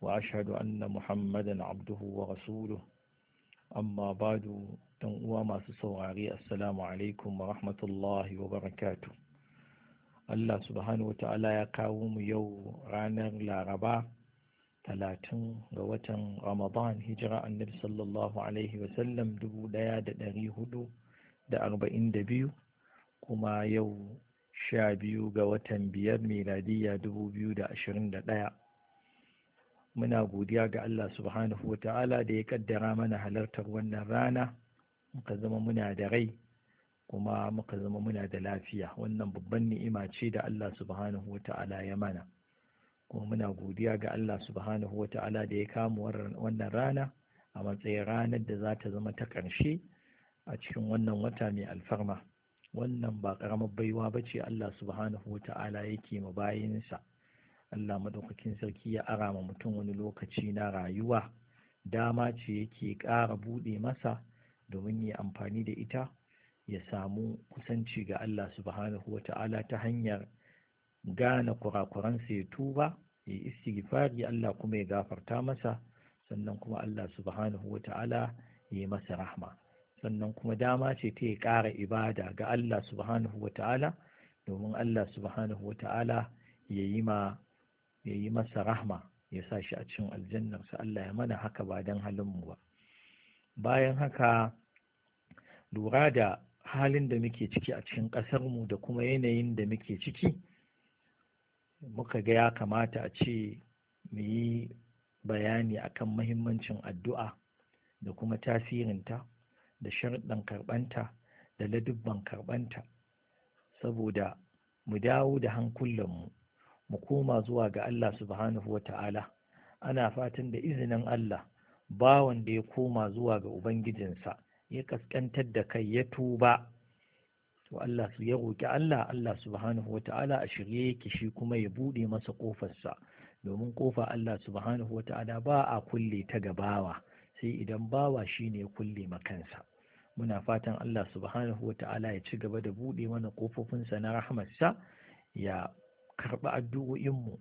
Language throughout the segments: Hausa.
وأشهد أن محمدا عبده ورسوله أما بعد وما سسواري السلام عليكم ورحمة الله وبركاته Allah subhanahu Ta'ala ya kawo mu yau ranar laraba talatin ga watan ramadan hijira annabi sallallahu alaihi wasallam dubu ɗaya da ɗari hudu da arba'in da biyu kuma yau sha biyu ga watan biyar miladiyya dubu biyu da ashirin da ɗaya. muna godiya ga Allah subhanahu wa ta'ala da ya kaddara mana halartar wannan rana muka zama muna da rai kuma muka zama muna da lafiya wannan babban ni'ima ce da Allah subhanahu wa ta'ala ya mana kuma muna godiya ga Allah subhanahu wa ta'ala da ya kama wannan rana a matsayin ranar da za ta zama ta ƙarshe a cikin wannan wata mai alfarma wannan ba ƙaramar baiwa ba ce Allah subhanahu wa ta'ala yake ma bayinsa. Allah madaukakin sarki ya ara ma mutum wani lokaci na rayuwa dama ce yake ƙara buɗe masa domin ya amfani da ita ya samu kusanci ga Allah subhanahu wa ta'ala ta hanyar gane kurakuransa ya tuba ya istighfari Allah kuma ya gafarta masa sannan kuma Allah subhanahu wa ta'ala ya yi masa rahma sannan kuma dama ce ta ya ƙara ibada ga Allah subhanahu wa ta'ala domin Allah subhanahu wa ta'ala ya yi ma ya yi masa rahma ya sa shi a cikin aljannarsa Allah ya mana haka ba don mu ba bayan haka lura da halin da muke ciki a cikin ƙasarmu da kuma yanayin da muke ciki muka ga ya kamata a ce mu yi bayani akan mahimmancin addu'a da kuma tasirinta da sharɗin karɓanta da ladubban karɓanta saboda mu dawo da hankulanmu mu koma zuwa ga Allah subhanahu wa ta'ala ana fatan da izinin Allah bawan da ya koma zuwa ga ubangijinsa ya kaskantar da kai ya tuba to Allah su ya roƙi Allah Allah subhanahu wa ta'ala a shirye yake shi kuma ya buɗe masa ƙofarsa domin ƙofa Allah subhanahu wa ta'ala ba a kulle ta gabawa sai idan bawa shine ya kulle makansa muna fatan Allah subhanahu wa ta'ala ya ci gaba da buɗe mana ƙofofinsa na rahmarsa ya karɓi addu'o'inmu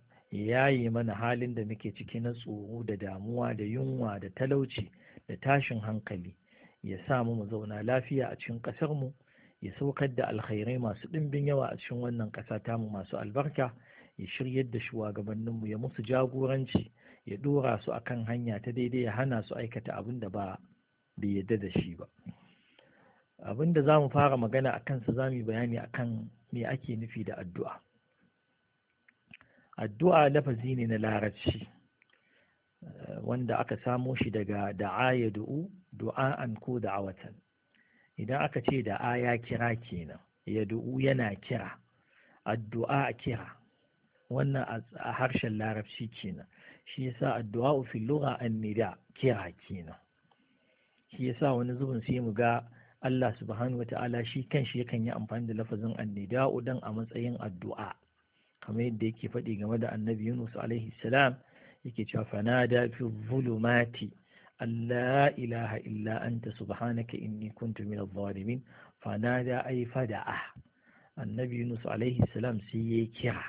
ya yi mana halin da muke ciki na tsoro da damuwa da yunwa da talauci da tashin hankali ya sa mu zauna lafiya a cikin ƙasarmu ya saukar da alkhairai masu ɗimbin yawa a cikin wannan ƙasa tamu masu albarka ya shiryar da shugabanninmu ya musu jagoranci ya ɗora su akan hanya ta daidai ya hana su aikata abin da ba bai yadda da shi ba abin da za mu fara magana a kansa za mu yi bayani akan me ake nufi da addu'a addu'a lafazi ne na larabci eh, wanda aka samo shi daga da'a ya du'u du'a'an ko da'awatan idan aka ce da'a ya kira kenan ya du'u yana kira addu'a a kira wannan a harshen larabci kenan shi yasa addu'a fi an annida kira kenan shi yasa wani zubin sai mu ga Allah subhanahu wata'ala shi kanshi yakan yi amfani da lafazin annida'u dan a matsayin addu'a kamar yadda yake faɗi game da annabi yunus alaihi salam yake cewa fanada fi zulumati Allah ilaha illa anta subhanaka inni kuntu min adh-dhalimin fanada ay fada'a annabi yunus alaihi salam sai ya kira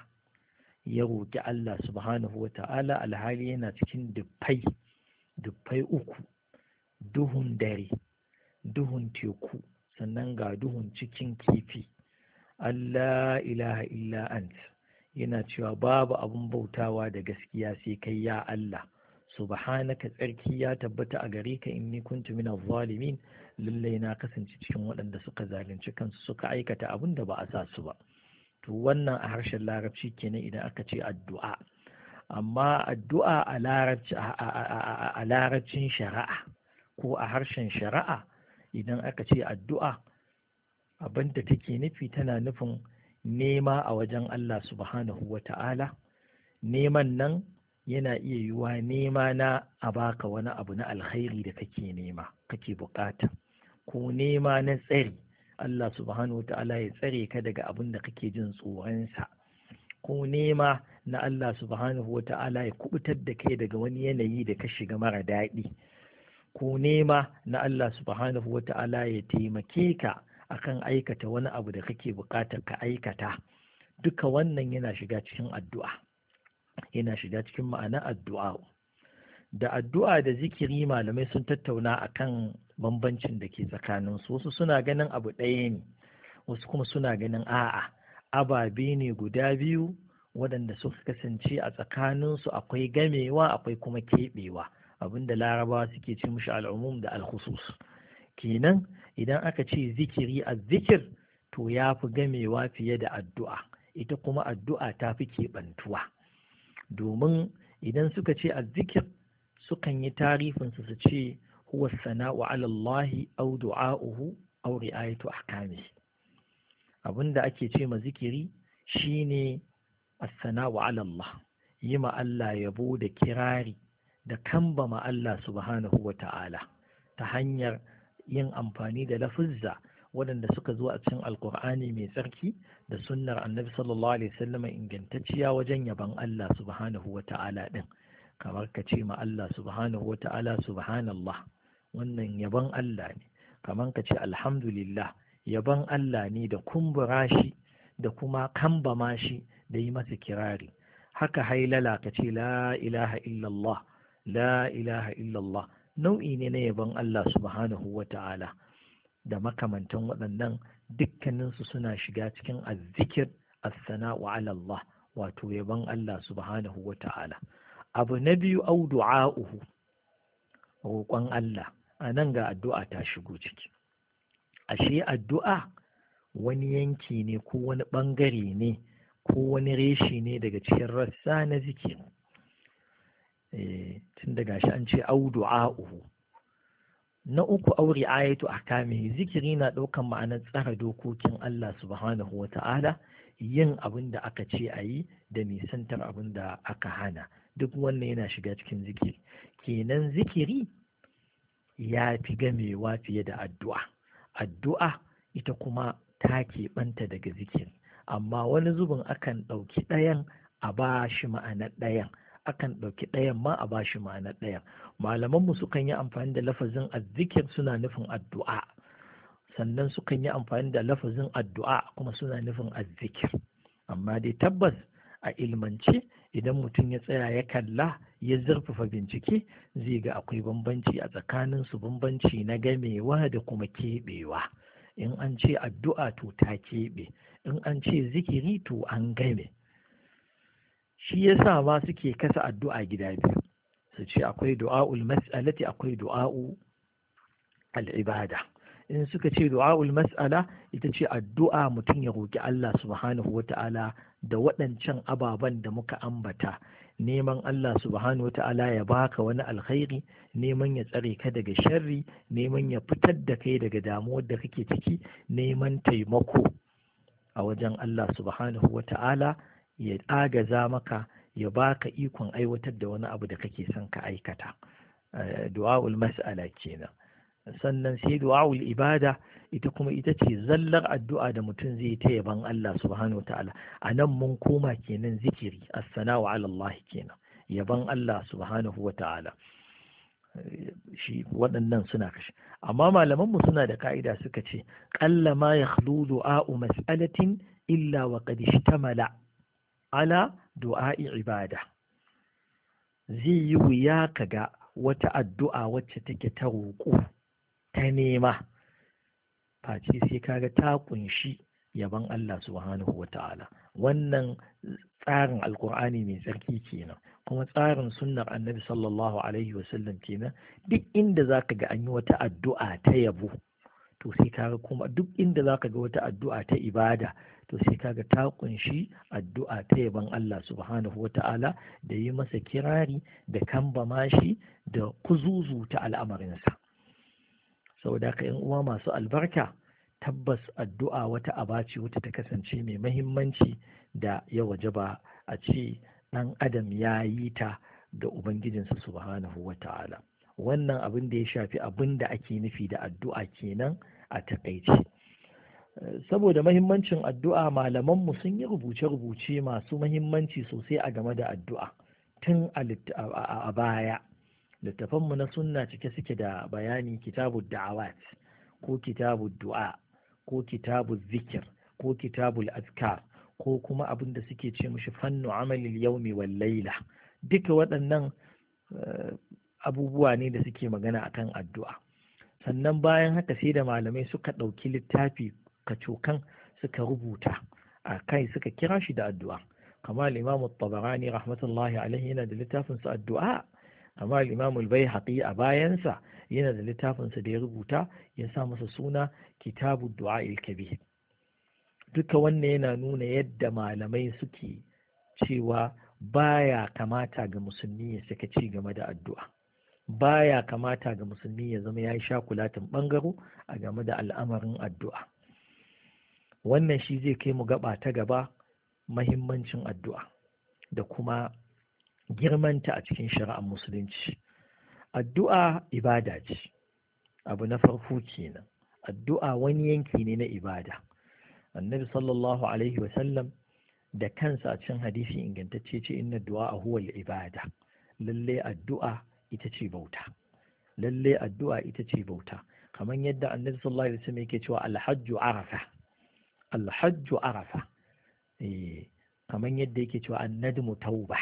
ya roki Allah subhanahu wa ta'ala alhali yana cikin dufai dufai uku duhun dare duhun teku sannan ga duhun cikin kifi Allah ilaha illa anta yana cewa babu abin bautawa da gaskiya sai kai ya Allah subhanaka tsarki ya tabbata a gare ka inni kuntu min zalimin lallai na kasance cikin waɗanda suka zalunci kansu suka aikata abin da ba a sa su ba to wannan a harshen larabci kenan idan aka ce addu'a amma addu'a a larabcin shari'a ko a harshen shari'a idan aka ce addu'a abin da take nufi tana nufin nema a wajen Allah subhanahu wa ta'ala neman nan yana iya yiwuwa nema na a baka wani abu na alkhairi da kake nema kake bukata ko nema na tsari Allah subhanahu wa ta'ala ya tsare ka daga abin da kake jin tsoronsa ko nema na Allah subhanahu wa ta'ala ya kubutar da kai daga wani yanayi da ka shiga mara daɗi ko nema na Allah subhanahu wa ta'ala ya taimake ka akan aikata wani abu da kake buƙatar ka aikata duka wannan yana shiga cikin addu'a yana shiga cikin ma'ana addu'a da addu'a da zikiri malamai sun tattauna akan bambancin da ke tsakanin su wasu suna ganin abu ɗaya ne wasu kuma suna ganin a'a ababe ne guda biyu waɗanda suka kasance a tsakaninsu akwai gamewa akwai kuma keɓewa abinda larabawa suke ce mushi al'umum da alkhusus kenan idan aka ce zikiri a zikir to ya fi gamewa fiye da addu'a ita kuma addu'a ta fi keɓantuwa domin idan suka ce a zikir sukan yi tarifinsu su ce huwa sana'u ala au du'a'uhu au ri'ayatu ahkami abinda ake ce ma zikiri shine as-sana'u yi ma Allah yabo da kirari da kamba ma Allah subhanahu wa ta'ala ta hanyar yin amfani da lafuzza waɗanda suka zo a cikin alkur'ani mai tsarki da sunnar annabi sallallahu alaihi wasallam ingantacciya wajen yaban Allah subhanahu wa ta'ala din kamar ka ce ma Allah subhanahu wa ta'ala subhanallah wannan yaban Allah ne kamar ka ce alhamdulillah yaban Allah ne da kumbura shi da kuma kambama shi da yi masa kirari haka hailala ka ce la ilaha illallah la ilaha illallah nau'i ne na yabon Allah subhanahu wa ta'ala da makamantan waɗannan dukkaninsu suna shiga cikin azzikir asana wa Allah wato yabon Allah subhanahu wa ta'ala abu na biyu au du'a'uhu roƙon Allah a nan ga addu'a ta shigo ciki ashe addu'a wani yanki ne ko wani ɓangare ne ko wani reshi ne daga cikin rassa na zikiri Eh, tun daga shi an ce au uhu na uku auri ayatu kame zikiri na ɗaukan ma'anar tsara dokokin Allah subhanahu wa ta'ala yin abin da aka ce a yi da nisantar abin da aka hana duk wannan yana shiga cikin zikiri kenan zikiri ya fi gamewa fiye da addu'a addu'a ita kuma ta keɓanta daga zikiri amma wani zubin akan ɗauki ɗayan a ba shi ma'anar ɗayan akan ɗauki ɗayan ma a bashi ma'ana ɗayan mu sukan yi amfani da lafazin azzikir suna nufin addu'a sannan sukan yi amfani da lafazin addu'a kuma suna nufin azzikir amma dai tabbas a ilmance idan mutum ya tsaya ya kalla ya zurfafa bincike zai ga akwai bambanci a tsakanin su bambanci na gamewa da kuma keɓewa in an ce addu'a to ta keɓe in an ce zikiri to an game shi ya sa ma suke kasa addu'a gida biyu su ce akwai du'a'ul mas'alati akwai du'a'u al'ibada in suka ce du'a'ul mas'ala ita ce addu'a mutum ya roƙi Allah subhanahu wa ta'ala da waɗancan ababen da muka ambata neman Allah subhanahu wa ta'ala ya baka wani alkhairi neman ya tsare ka daga sharri neman ya fitar da kai daga damuwar da kake ciki neman taimako a wajen Allah subhanahu wa ta'ala. ya agaza maka ya baka ikon aiwatar da wani abu da kake son ka aikata eh, du'a'ul mas'ala kenan sannan sai du'a'ul ibada ita kuma ita ce zallar addu'a da mutum zai ta yaban Allah subhanahu ta'ala a nan mun koma kenan zikiri as-sana'u 'ala Allah kenan yaban Allah subhanahu wa ta'ala eh, shi waɗannan suna kashe amma malamanmu suna da ka'ida suka ce Kalla ma ya du'a'u mas'alatin illa wa qad ishtamala ala du'a'i ibada zai yi wuya ka ga wata addu'a wacce take ta roƙo ta nema face sai kaga ta kunshi yaban Allah subhanahu wa ta'ala wannan tsarin alkur'ani mai tsarki kenan kuma tsarin sunnar annabi sallallahu alaihi wasallam kenan duk inda za ka ga an yi wata addu'a ta yabo to sai kaga kuma duk inda za ka ga wata addu'a ta ibada to sai kaga ta kunshi addu'a ta yaban Allah subhanahu wata'ala da yi masa kirari da kambama shi da kuzuzu ta al'amarinsa saboda ka yan uwa masu albarka tabbas addu'a wata abaci wata ta kasance mai mahimmanci da ya ba a ce ɗan adam ya yi ta da ubangijinsa subhanahu ta'ala wannan abin da ya shafi abin da ake nufi da addu'a kenan a taƙaice saboda mahimmancin addu'a malamanmu sun yi rubuce-rubuce masu mahimmanci sosai a game da addu'a tun a baya littafanmu na sunna cike suke da bayani kitabu da'awat ko kitabu du'a ko kitabu zikir ko kitabu azkar ko kuma abin da suke ce mushi fannu amalil yaumi wal laila duka waɗannan eh, abubuwa ne da suke magana akan addu'a sannan bayan haka sai da malamai suka ɗauki littafi kacokan suka rubuta a kai suka kira shi da addu'a kamar imam tabarani rahmatullahi alaihi yana da littafin addu'a kamar imam al a bayansa yana da littafinsa da ya rubuta ya sa masa suna kitabu du'a kabir duka wannan yana nuna yadda malamai suke cewa baya kamata ga musulmi ya saka ci game da addu'a baya kamata ga musulmi ya zama ya yi shakulatin ɓangaro a game da al'amarin addu'a wannan shi zai kai mu gaba ta gaba mahimmancin addu'a da kuma girmanta a cikin shari'ar musulunci addu'a ibada ce abu na farko kenan addu'a wani yanki ne na ibada annabi sallallahu alaihi wasallam da kansa a cikin hadisi ingantacce ce inna du'a huwa ibada Lallai addu'a ita ce bauta lalle addu'a ita ce bauta kamar yadda annabi sallallahu alaihi wasallam yake cewa alhajju arafa alhajju arafa eh kamar yadda yake cewa annadmu tauba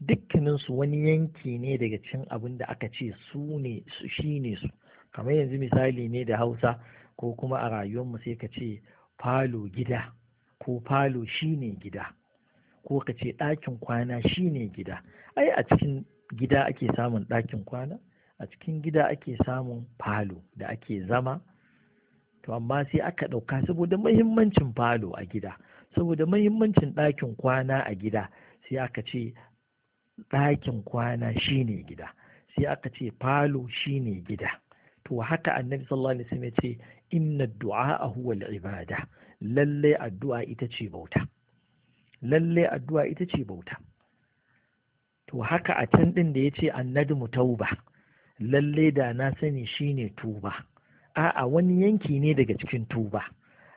dukkanin su wani yanki ne daga cin abin da aka ce su ne su shine su kamar yanzu misali ne da Hausa ko kuma a rayuwar mu sai ka ce falo gida ko falo shine gida ko ka ce ɗakin kwana shine gida ai a cikin gida ake samun ɗakin kwana a cikin gida ake samun falo da ake zama to amma sai aka ɗauka saboda mahimmancin falo a gida saboda mahimmancin ɗakin kwana a gida sai aka ce ɗakin kwana shine gida sai aka ce falo shine gida to haka annabi sallallahu alaihi wasallam ya ce inna du'a huwa al-ibada lalle addu'a ita ce bauta lalle addu'a ita ce bauta to haka a can ɗin da ya ce mu tauba lalle da na sani shine tuba a'a wani yanki ne daga cikin tuba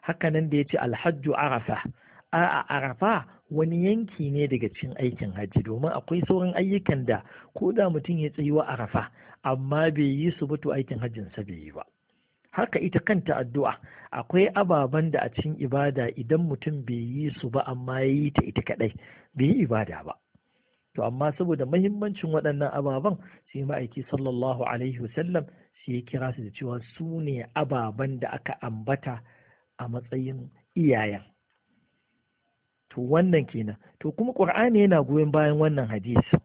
Haka nan da ya ce alhajju arafa a'a arafa wani yanki ne daga cikin aikin hajji domin akwai sauran ayyukan da ko da mutum ya tsayi arafa amma bai yi su ba to aikin hajjinsa bai yi ba haka ita kanta addu'a akwai ababen da a cikin ibada idan mutum bai yi su ba amma ya yi ta ita kadai bai yi ibada ba to amma saboda mahimmancin waɗannan ababen sai ma'aiki sallallahu alaihi wasallam sai ya kira su da cewa su ne ababen da aka ambata a matsayin iyayen to wannan kenan to kuma ƙur'ani yana goyon bayan wannan hadisi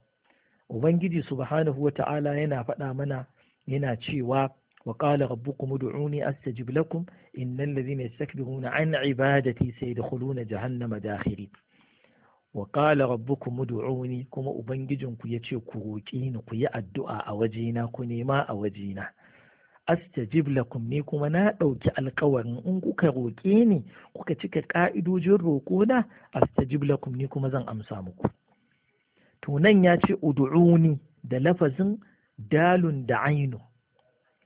ubangiji subhanahu wa ta'ala yana faɗa mana yana cewa وقال ربكم ادعوني أستجب لكم إن الذين يستكبرون عن عبادتي سيدخلون جهنم داخرين wa qala rabbukum ud'uni kuma ubangijinku yace ku roƙi ni ku yi addu'a a wajena ku nema a wajena astajib lakum ni kuma na ɗauki alkawarin in kuka roƙe ni kuka cika ƙa'idojin roƙo na astajib lakum ni kuma zan amsa muku to nan ya ce da lafazin dalun da ainu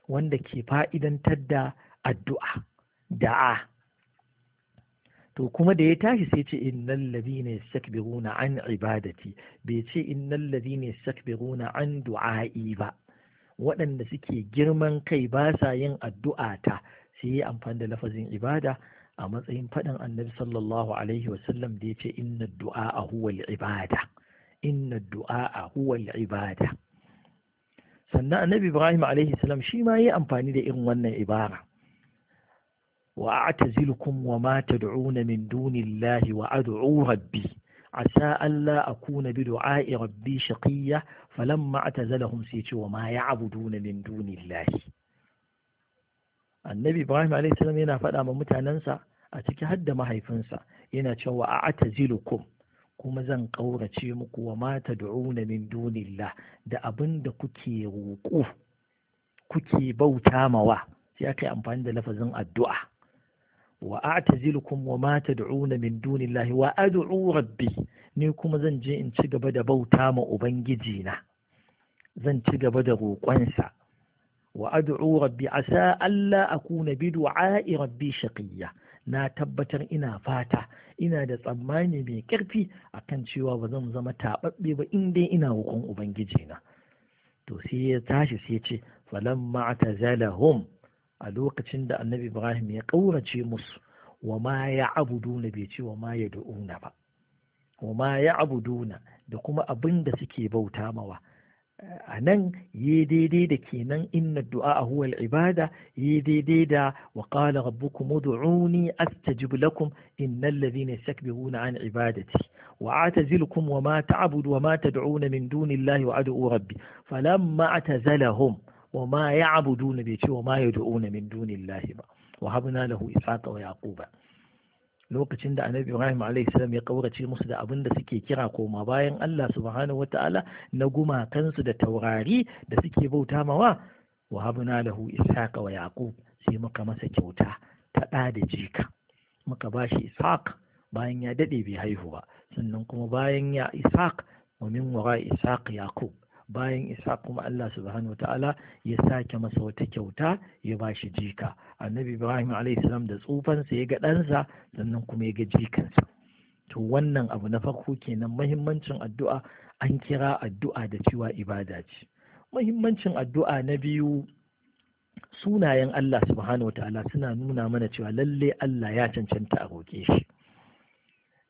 wanda ke fa'idantar da addu'a da'a to kuma da ya tashi sai ce innal ladina yastakbiruna an ibadati bai ce innal ladina yastakbiruna an du'a'i ba waɗanda suke girman kai ba sa yin addu'a ta sai yi amfani da lafazin ibada a matsayin faɗin annabi sallallahu alaihi wasallam da ya ce inna du'a huwa ibada inna du'a huwa ibada sannan annabi ibrahim alaihi salam shi ma yi amfani da irin wannan ibara وأعتزلكم وما تدعون من دون الله وأدعو ربي عسى ألا أكون بدعاء ربي شقية فلما اعتزلهم سيتي وما يعبدون من دون الله النبي إبراهيم عليه السلام هنا فدا من متاننسا أتكي هد ما هيفنسا هنا تشوى أعتزلكم kuma zan ƙaurace muku wa mata da'una min dunillah da abin da kuke roƙo kuke bauta mawa sai aka yi amfani da lafazin addu'a wa a'tazilukum wa ma min dunillahi wa rabbi ni kuma zan je in ci gaba da bauta ma ubangiji na zan ci gaba da roƙonsa wa ad'u rabbi asa alla akuna bi du'a'i rabbi shaqiyya na tabbatar ina fata ina da tsammani mai a kan cewa ba zan zama taɓaɓɓe ba in dai ina roƙon ubangiji na to sai ya tashi sai ya ce falamma tazalahum a lokacin da annabi ibrahim ya ƙaurace musu wa ma ya abuduna bai ce wa ma ya du'una ba wa ma ya abuduna da kuma abin da suke bauta mawa a nan yi daidai da kenan inna du'a a huwal ibada yi daidai da wa qala rabbukum ud'uni astajib lakum innal ladhina yastakbiruna an ibadati wa atazilukum wa ma ta'budu wa ma tad'una min dunillahi wa ad'u rabbi falamma atazalahum wa ma ya'buduna bai ce wa ma yad'una min dunillahi ba wa habna lahu ishaqa wa lokacin da annabi ibrahim alaihissalam ya kaurace musu da abin da suke kira koma bayan allah subhanahu wataala na gumakansu da taurari da suke bauta mawa wa habna lahu wa sai muka masa kyauta ta ɗa da jika muka bashi ishaq bayan ya daɗe bai haihu ba sannan kuma bayan ya ishaq wa min wara ishaq yaqub bayan isa kuma Allah subhanahu ta'ala ya sake masa wata kyauta ya ba shi jika annabi ibrahim alaihissalam da tsufansa ya ga ɗansa sannan kuma ya ga jikansa to wannan abu na farko kenan mahimmancin addu'a an kira addu'a da cewa ibada ce mahimmancin addu'a na biyu sunayen Allah subhanahu ta'ala suna nuna mana cewa lalle Allah ya cancanta a shi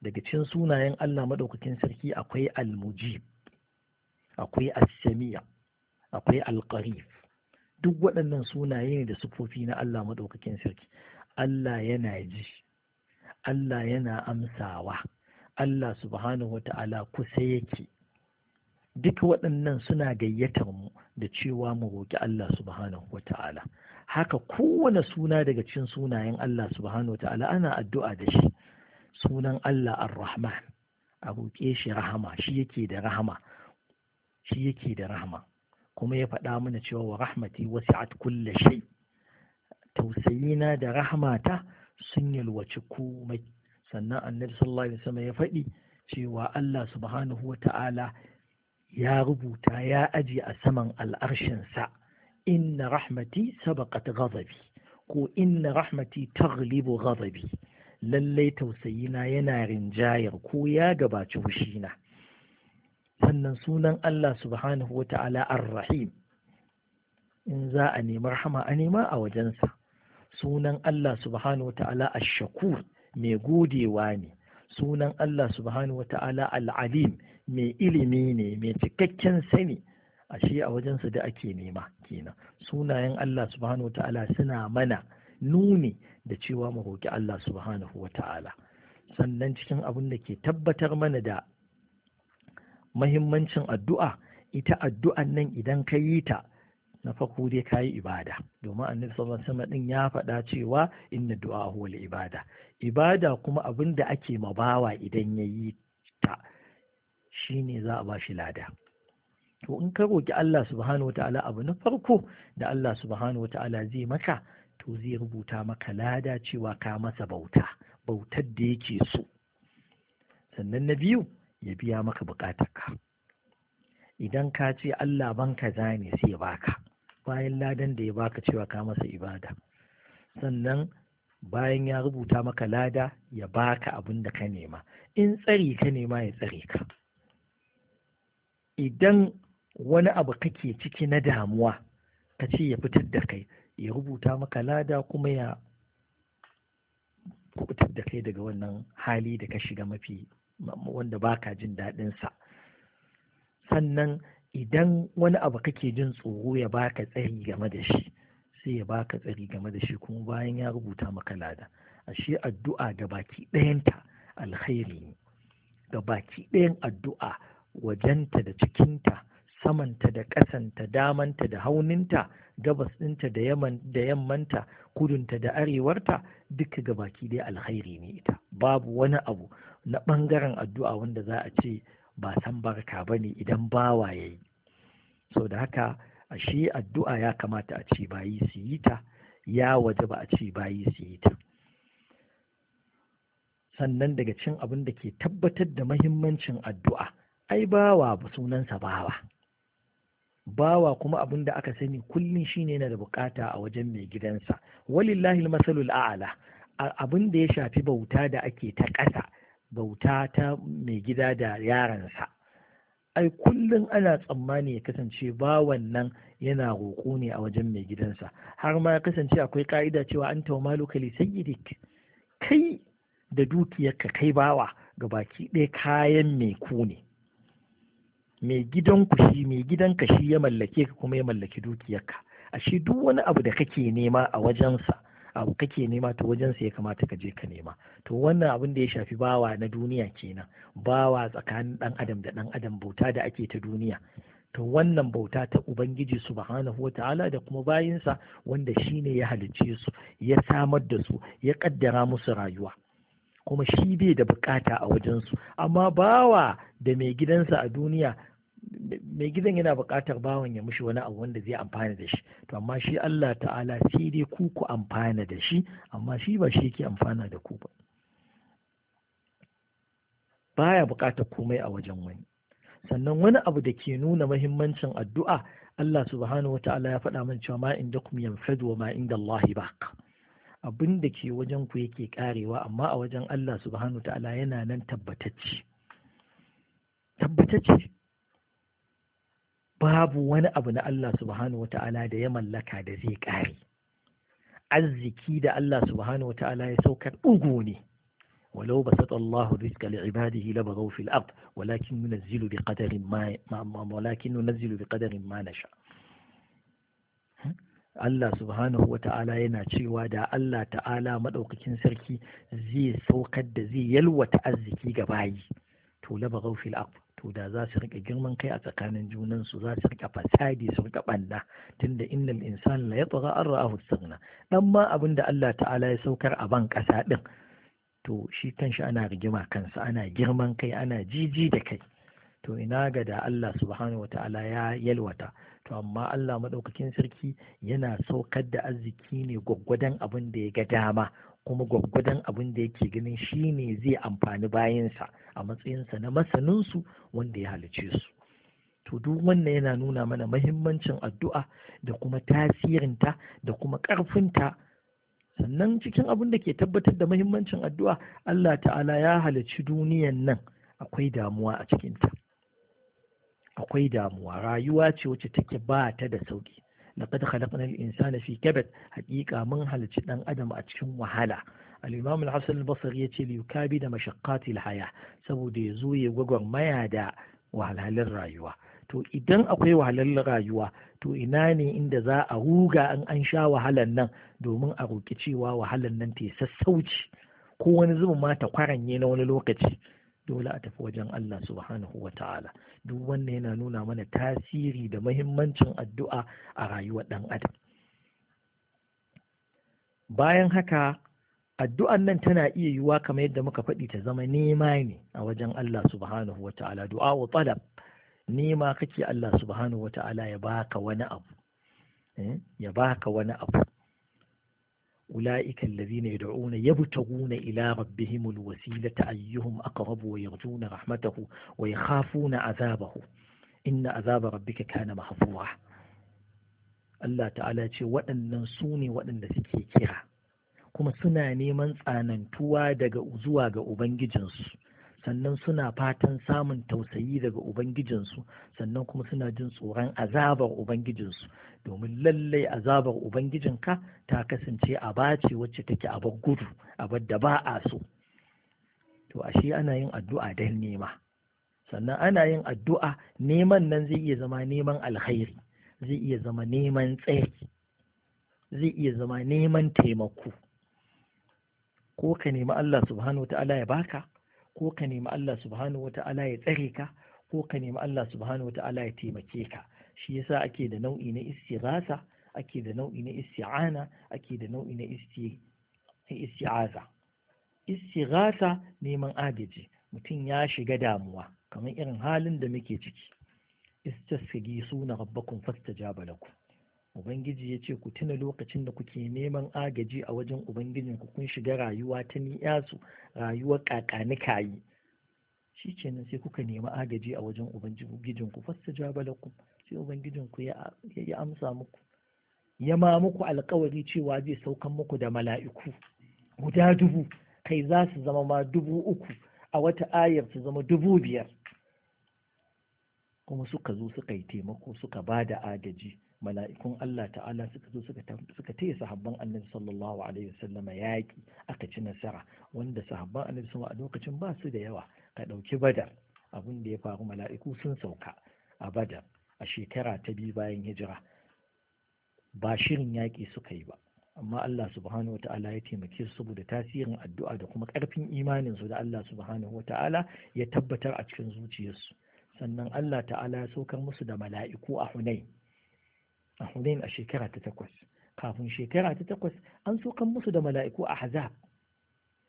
daga cikin sunayen Allah maɗaukakin sarki akwai al al-mujib akwai assamiya akwai al duk waɗannan sunaye ne da sufofi na Allah maɗaukakin sarki Allah yana ji Allah yana amsawa Allah subhanahu wata'ala kusa yake duk waɗannan suna gayyatar mu da cewa mu roƙi Allah subhanahu wata'ala haka kowane suna daga cikin sunayen Allah subhanahu wata'ala ana addu'a da shi sunan Allah ar-Rahman a roƙe shi rahama shi yake da rahama shi yake da rahama kuma ya faɗa mana cewa wa rahmati at kulle shai tausayina da rahmata sun yalwaci komai sannan annabi sallallahu alaihi wasallam ya faɗi cewa Allah subhanahu wa ta'ala ya rubuta ya ajiye a saman al'arshinsa inna rahmati sabaqat ghadabi ko inna rahmati taghlibu ghadabi lallai tausayina yana rinjayar ko ya gabaci fushina sannan sunan Allah subhanahu wa ta'ala ar-rahim in za a nemi rahama a nema a wajensa sunan Allah subhanahu wa ta'ala ash-shakur mai godewa ne sunan Allah subhanahu wa ta'ala al mai ilimi ne mai cikakken sani ashe a wajensa da ake nema kenan sunayen Allah subhanahu wa ta'ala suna mana nuni da cewa mu Allah subhanahu wa ta'ala sannan cikin abin da ke tabbatar mana da mahimmancin addu'a ita addu'an nan idan ka yi ta na farko dai ka yi ibada domin annabi sallallahu alaihi wasallam ya faɗa cewa inna du'a huwa ibada ibada kuma abin da ake mabawa idan ya yi ta shine za a bashi lada to in ka roki Allah subhanahu wata'ala abu na farko da Allah subhanahu wata'ala zai maka to zai rubuta maka lada cewa ka masa bauta bautar da yake so sannan na biyu ya biya maka ka, idan ka ce Allah ban za ne sai ya baka bayan ladan da ya baka cewa ka masa ibada sannan bayan ya rubuta maka lada ya baka abin da ka nema in tsari ka nema ya tsare ka idan wani abu kake ciki na damuwa ka ce ya fitar da kai ya rubuta maka lada kuma ya fitar da kai daga wannan hali da ka shiga mafi wanda baka jin daɗin sa sannan idan wani abu kake jin tsoro ya baka tsari game da shi sai ya baka tsari game da shi kuma bayan ya rubuta maka lada ashe addu'a ga baki ɗayanta alkhairi ne ga baki ɗayan addu'a wajenta da cikinta samanta da ƙasanta damanta da hauninta gabas ɗinta da yammanta kudunta da arewarta duka ga baki ɗaya alkhairi ne ita babu wani abu na ɓangaren addu'a wanda za a ce ba san barka ba ne idan bawa ya yi so da haka a shi addu'a ya kamata a ce bayi su yi ta ya waje ba a ce bayi su yi ta sannan daga cin abin da ke tabbatar da mahimmancin addu'a ai bawa ba sunansa bawa bawa kuma abin da aka sani kullum shine yana da bukata a wajen mai gidansa walillahi masalul a'ala abin da ya shafi bauta da ake ta ƙasa bauta ta mai gida da yaransa ai kullum ana tsammani ya kasance bawan nan yana roƙo ne a wajen mai gidansa har ma ya kasance akwai ka'ida cewa an tawa maluka sayyidik kai da dukiyarka kai bawa ga baki ɗaya kayan mai ku ne mai ku shi mai ka shi ya mallake ka kuma ya mallaki dukiyarka ashe duk wani abu da kake nema a wajensa abu kake nema to wajen sa ya kamata ka je ka nema to wannan abin da ya shafi bawa na duniya kenan bawa tsakanin dan adam da dan adam bauta da ake ta duniya to wannan bauta ta ubangiji subhanahu wata'ala da kuma bayinsa wanda shine ya halicce su ya samar da su ya kaddara musu rayuwa kuma shi bai da bukata a wajensu amma bawa da mai gidansa a duniya mai gidan yana buƙatar bawan ya mushi wani abu wanda zai amfana da shi to amma shi Allah ta'ala sai dai ku ku amfana da shi amma shi ba shi yake amfana da ku ba baya buƙatar komai a wajen wani sannan wani abu da ke nuna mahimmancin addu'a Allah subhanahu wata'ala ya faɗa min cewa ma inda kum yanfadu wa ma inda Allah abin da ke wajen ku yake karewa amma a wajen Allah subhanahu wata'ala yana nan tabbatacce tabbatacce babu wani abu na Allah subhanahu wata'ala da ya mallaka da zai ƙare arziki da Allah subhanahu wata'ala ya saukar ugu ne ولو بسط الله الرزق لعباده لبغوا في الأرض ولكن ننزل بقدر ما, ما ولكن ننزل Allah subhanahu wa ta'ala yana cewa da Allah ta'ala maɗaukakin sarki zai saukar da zai yalwata arziki ga bayi to laba fil ard to da za su rike girman kai a tsakanin junansu za su rike fasadi su rike banda tunda innal insana la yatgha an ra'ahu istaghna dan ma abin da Allah ta'ala ya saukar a ban kasa din to shi kanshi ana rigima kansa ana girman kai ana jiji da kai to ina ga da Allah subhanahu wata'ala ya yalwata to amma Allah madaukakin sarki yana saukar da arziki ne gwaggwadon abin da ya ga dama kuma gwaggwadon abin da yake ganin shi ne zai amfani bayansa a matsayinsa na masaninsu wanda ya halice su to duk wannan yana nuna mana mahimmancin addu'a da kuma tasirinta da kuma ƙarfinta sannan cikin abin da ke tabbatar da mahimmancin addu'a Allah ta'ala ya halici duniyan nan akwai damuwa a cikinta akwai damuwa rayuwa ce wacce take ba ta da sauƙi laqad khalaqna al-insana fi kabad haƙiƙa mun halarci ɗan adam a cikin wahala al-imam al-hasan al-basri yace yukabi da mashaqqati haya saboda ya zo ya gwagwarmaya da wahalhalin rayuwa to idan akwai wahalar rayuwa to ina ne inda za a ruga in an sha wahalar nan domin a roƙi cewa wahalar nan ta sassauci ko wani zubin ma ta kwaranye na wani lokaci dole a tafi wajen Allah subhanahu wa ta'ala duk wannan yana nuna mana tasiri da mahimmancin addu'a a rayuwar ɗan adam bayan haka addu'an nan tana iya yiwuwa kamar yadda muka faɗi ta zama nema ne a wajen Allah subhanahu wa ta'ala du'a wa talab nema kake Allah subhanahu wa ta'ala ya baka wani abu eh, ya baka wani abu أولئك الذين يدعون يبتغون إلى ربهم الوسيلة أيهم أقرب ويرجون رحمته ويخافون عذابه إن عذاب ربك كان محظورا Allah ta'ala ce waɗannan su ne waɗanda suke kira kuma suna neman tsanantuwa daga zuwa ga Ubangijinsu sannan suna fatan samun tausayi daga ubangijinsu sannan kuma suna jin tsoron azabar ubangijinsu domin lallai azabar ubangijinka ta kasance a bace wacce take a bar gudu a da ba a so to ashe ana yin addu'a don nema sannan ana yin addu'a neman nan zai iya zama neman alkhairi zai iya zama neman tsaki zai iya zama neman taimako ko ka nemi Allah subhanahu wa ta'ala ya baka ko ka nemi Allah subhanahu wata'ala ya tsare ka ko ka nemi Allah subhanahu wata'ala ya taimake ka shi yasa ake da nau'i na istighasa ake da nau'i na isti'ana ake da nau'i na isti'aza istighasa neman agaji mutum ya shiga damuwa kamar irin halin da muke ciki suna na rabbakum fastajaba lakum ubangiji ya ce ku tuna lokacin da kuke neman agaji a wajen ubangijin ku kun shiga rayuwa ta ni'yasu rayuwar kakani kayi shi nan sai kuka nemi agaji a wajen ubangijin ku fasta jabalakum sai ubangijin ku ya amsa muku ya ma muku alkawari cewa zai saukan muku da mala'iku guda dubu kai za su zama ma dubu uku a wata ayar su zama dubu biyar kuma suka zo suka yi taimako suka ba da agaji mala'ikun Allah ta'ala suka zo suka taya sahabban annabi sallallahu alaihi wasallam yaƙi aka ci nasara wanda sahabban annabi sun a lokacin ba su da yawa ka ɗauki badar abin da ya faru mala'iku sun sauka a badar a shekara ta biyu bayan hijira ba shirin yaƙi suka yi ba amma Allah subhanahu wa ta'ala ya taimake su saboda tasirin addu'a da kuma ƙarfin imanin su da Allah subhanahu wa ta'ala ya tabbatar a cikin zuciyarsu sannan Allah ta'ala ya saukar musu da mala'iku a Hunain a Hudayn a shekara ta takwas kafin shekara ta takwas an so kan musu da mala'iku a Hazab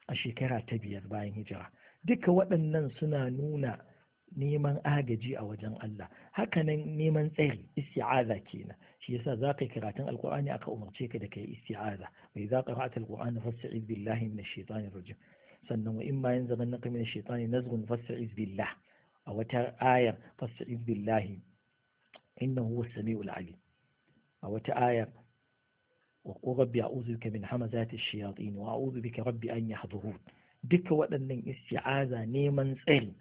a shekara ta biyar bayan hijira duka waɗannan suna nuna neman agaji a wajen Allah hakanan neman tsari isti'aza kenan shi yasa za ka yi karatun alkur'ani aka umarce ka da ka yi isti'aza bai za ka ra'ata alkur'ani fasti'iz billahi min shaitani rajim sannan wa in ma yanzu ban naka min shaitani nazgun fasti'iz billah a wata ayar fasti'iz billahi innahu huwa samiul alim a wata ayar wa ko rabbi uzu bika min hamazati shayatin wa a'udhu bika rabbi an yahdhurun duka waɗannan isti'aza neman tsari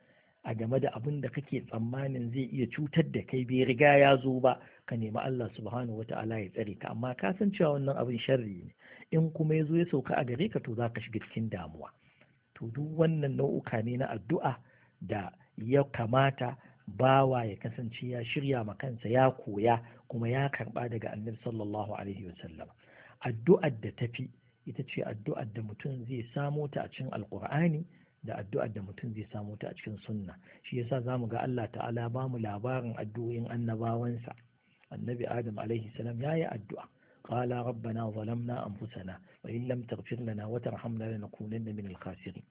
a game da abin da kake tsammanin zai iya cutar da kai bai riga ya zo ba ka nemi Allah subhanahu wata'ala ya tsare ka amma ka san cewa wannan abin sharri ne in kuma ya zo ya sauka a gare ka to za ka shiga cikin damuwa to duk wannan nau'uka ne na addu'a da ya kamata bawa ya kasance ya shirya ma kansa ya koya kuma ya karɓa daga annabi sallallahu alaihi sallam. addu'ar da tafi ita ce addu'ar da mutum zai samu ta a cikin alkur'ani da addu'ar da mutum zai samo ta a cikin sunna shi yasa zamu ga Allah ta'ala ba mu labarin addu'o'in annabawansa annabi adam alaihi salam yayi addu'a qala rabbana zalamna anfusana wa in lam taghfir lana wa tarhamna lanakunanna min al-khasirin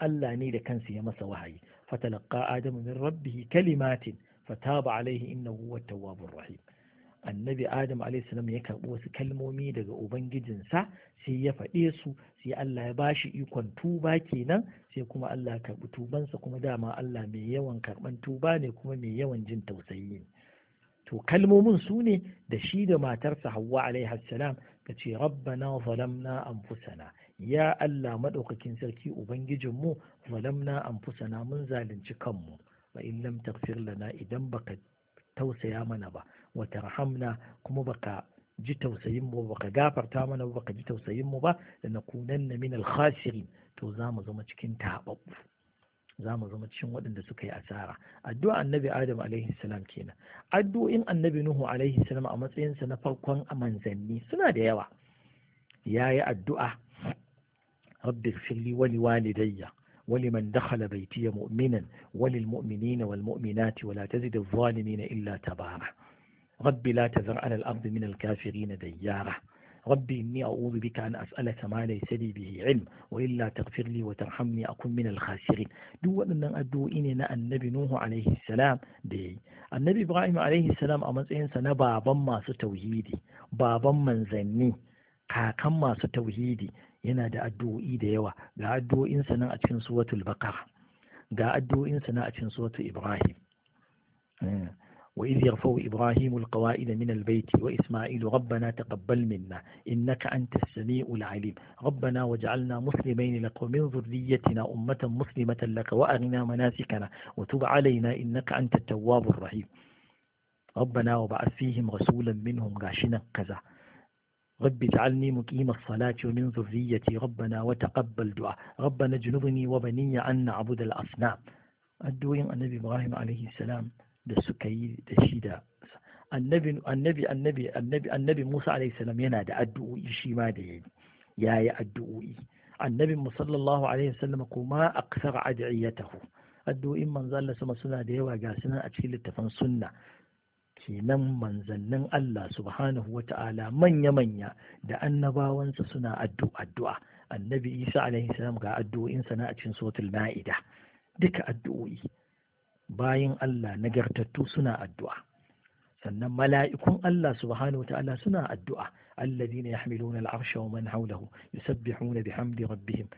Allah ne da kansa ya masa wahayi fatalaqqa adamu min rabbih kalimatin fataba alaihi innahu huwa at-tawwabur rahim annabi adam alaihissalam ya karɓi wasu kalmomi daga ubangijinsa sai ya faɗe su sai Allah ya bashi ikon tuba kenan sai kuma Allah ya karɓi tubansa kuma dama Allah mai yawan karɓan tuba ne kuma mai yawan jin tausayi to kalmomin su ne da shi da matarsa Hawwa alaihissalam ka ce rabbana zalamna anfusana ya Allah madaukakin sarki ubangijinmu zalamna anfusana mun zalunci kanmu wa in lam taghfir lana idan baka tausaya mana ba Wata tarhamna kuma baka ji tausayin mu baka gafarta mana baka ji tausayin mu ba da nakunanna min al-khasirin to za mu zama cikin tababbu za mu zama cikin waɗanda suka yi asara addu'a annabi adam alaihi salam kenan addu'o'in annabi nuhu alaihi salam a matsayinsa na farkon manzanni suna da yawa ya yi addu'a rabbi firli wali walidayya ولمن دخل بيتي مؤمنا وللمؤمنين والمؤمنات ولا تزد illa ta bara. rabbi la tazar ala al-ardi min al-kafirin dayyara rabbi inni a'udhu bika an as'alaka ma laysa li bihi ilm wa illa taghfir li wa tarhamni akun min al-khasirin duk waɗannan addu'o'i ne na annabi nuhu alaihi salam da yayi annabi ibrahim alaihi salam a matsayin sa na baban masu tauhidi baban manzanni kakan masu tauhidi yana da addu'o'i da yawa ga addu'o'insa nan a cikin suratul baqara ga addu'o'insa nan a cikin suratul ibrahim eh. وإذ يغفو إبراهيم القواعد من البيت وإسماعيل ربنا تقبل منا إنك أنت السميع العليم ربنا وجعلنا مسلمين لك ومن ذريتنا أمة مسلمة لك وأرنا مناسكنا وتب علينا إنك أنت التواب الرحيم ربنا وبعث فيهم رسولا منهم غاشنا كذا رب اجعلني مقيم الصلاة ومن ذريتي ربنا وتقبل دعاء ربنا اجنبني وبني أن نعبد الأصنام الدوين النبي إبراهيم عليه السلام da suka yi da shi da annabi annabi annabi annabi annabi Musa alaihi salam yana da addu'o'i shi ma da yayi yayi addu'o'i annabi sallallahu alaihi wasallam kuma aksara ad'iyatahu addu'o'in manzo Allah sama suna da yawa ga sunan a cikin littafin sunna kenan manzannin Allah subhanahu wata'ala manya-manya da annabawansa suna addu'a annabi Isa alaihi salam ga addu'o'insa na a cikin suratul ma'ida duka addu'o'i bayin Allah nagartattu suna addu'a sannan mala'ikun Allah subhanahu wa ta'ala suna addu'a alladhina yahmiluna al'arsha wa man hawlahu yusabbihuna bihamdi rabbihim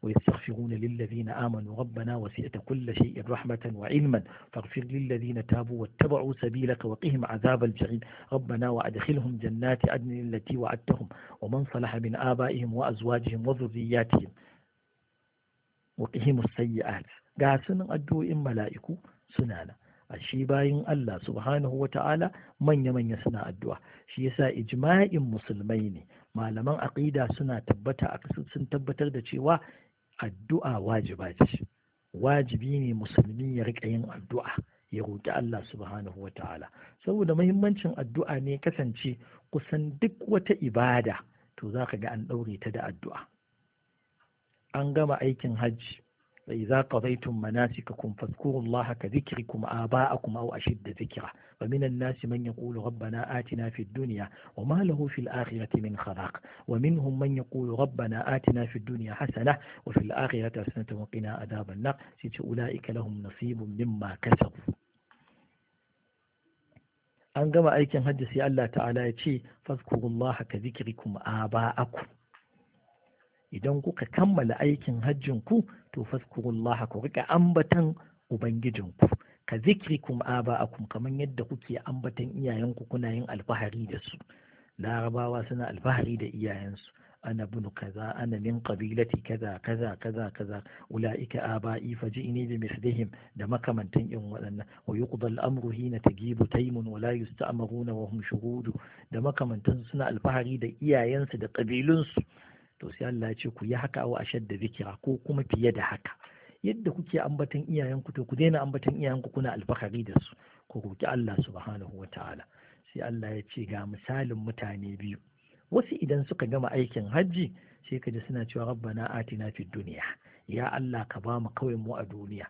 ويستغفرون للذين آمنوا ربنا وسعت كل شيء رحمة وعلما فاغفر للذين تابوا واتبعوا سبيلك وقهم عذاب الجحيم ربنا وأدخلهم جنات عدن التي وعدتهم ومن صلح من آبائهم وأزواجهم وذرياتهم وقهم السيئات قاسنا أدوا إن ملائكو suna nan a shi bayin Allah subhanahu wa ta'ala manya-manya suna addu'a shi yasa ijma'in musulmai ne malaman aqida suna tabbata a sun tabbatar da cewa addu'a wajiba ce wajibi ne musulmi ya riƙa yin addu'a ya roƙi Allah subhanahu wa ta'ala saboda mahimmancin addu'a ne kasance kusan duk wata ibada to za ka ga an ɗaure ta da addu'a an gama aikin hajji فإذا قضيتم مناسككم فاذكروا الله كذكركم آباءكم أو أشد ذكرا ومن الناس من يقول ربنا آتنا في الدنيا وما له في الآخرة من خلاق ومنهم من يقول ربنا آتنا في الدنيا حسنة وفي الآخرة حسنة وقنا عذاب النار أولئك لهم نصيب مما كسبوا an gama aikin hajji sai Allah ta'ala ya ce fazkurullaha ka zikrikum aba'akum idan kuka kammala aikin hajjin ku to fazkurullaha ku rika ambatan ubangijinku ka zikrikum aba'akum kamar yadda kuke ambatan iyayenku kuna yin alfahari da su larabawa suna alfahari da iyayensu ana bin kaza ana min qabilati kaza kaza kaza kaza ulaika aba'i faji'ni bi mislihim da makamantan in waɗannan wa yuqda al-amru hina tajibu taymun wa la yusta'maruna wa hum da makamantan suna alfahari da iyayensu da ƙabilunsu. to sai Allah ya ce ku yi haka ashad da zikira ko kuma fiye da haka yadda kuke ambatan iyayenku to ku daina ambatan iyayenku kuna alfahari da su ko ki Allah subhanahu wa ta'ala sai Allah ya ce ga misalin mutane biyu wasu idan suka gama aikin hajji sai ka ji suna cewa rabbana atina fid duniya ya Allah ka ba mu kawai mu a duniya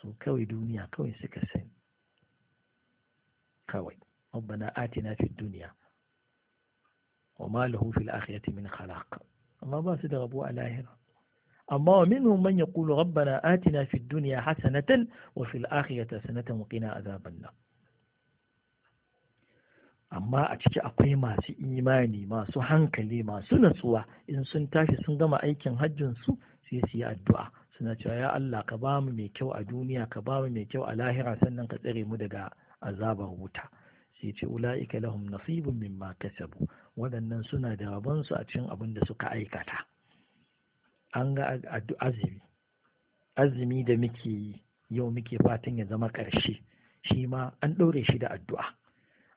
su kawai duniya kawai suka sani kawai rabbana atina fid dunya wa malahu fil akhirati min khalaq amma ba su da rabo a lahira amma wa minhum man yaqulu rabbana atina fid dunya hasanatan wa fil akhirati hasanatan wa qina azaban nan. amma a ciki akwai masu imani masu hankali masu natsuwa in sun tashi sun gama aikin hajjin su sai su yi addu'a suna cewa ya Allah ka ba mu mai kyau a duniya ka ba mu mai kyau a lahira sannan ka tsare mu daga azabar wuta sai ce ula'ika lahum nasibun mimma kasabu waɗannan suna da rabonsu a cikin abin da suka aikata an ga azumi azumi da muke yi yau muke fatan ya zama ƙarshe shi ma an ɗaure shi da addu'a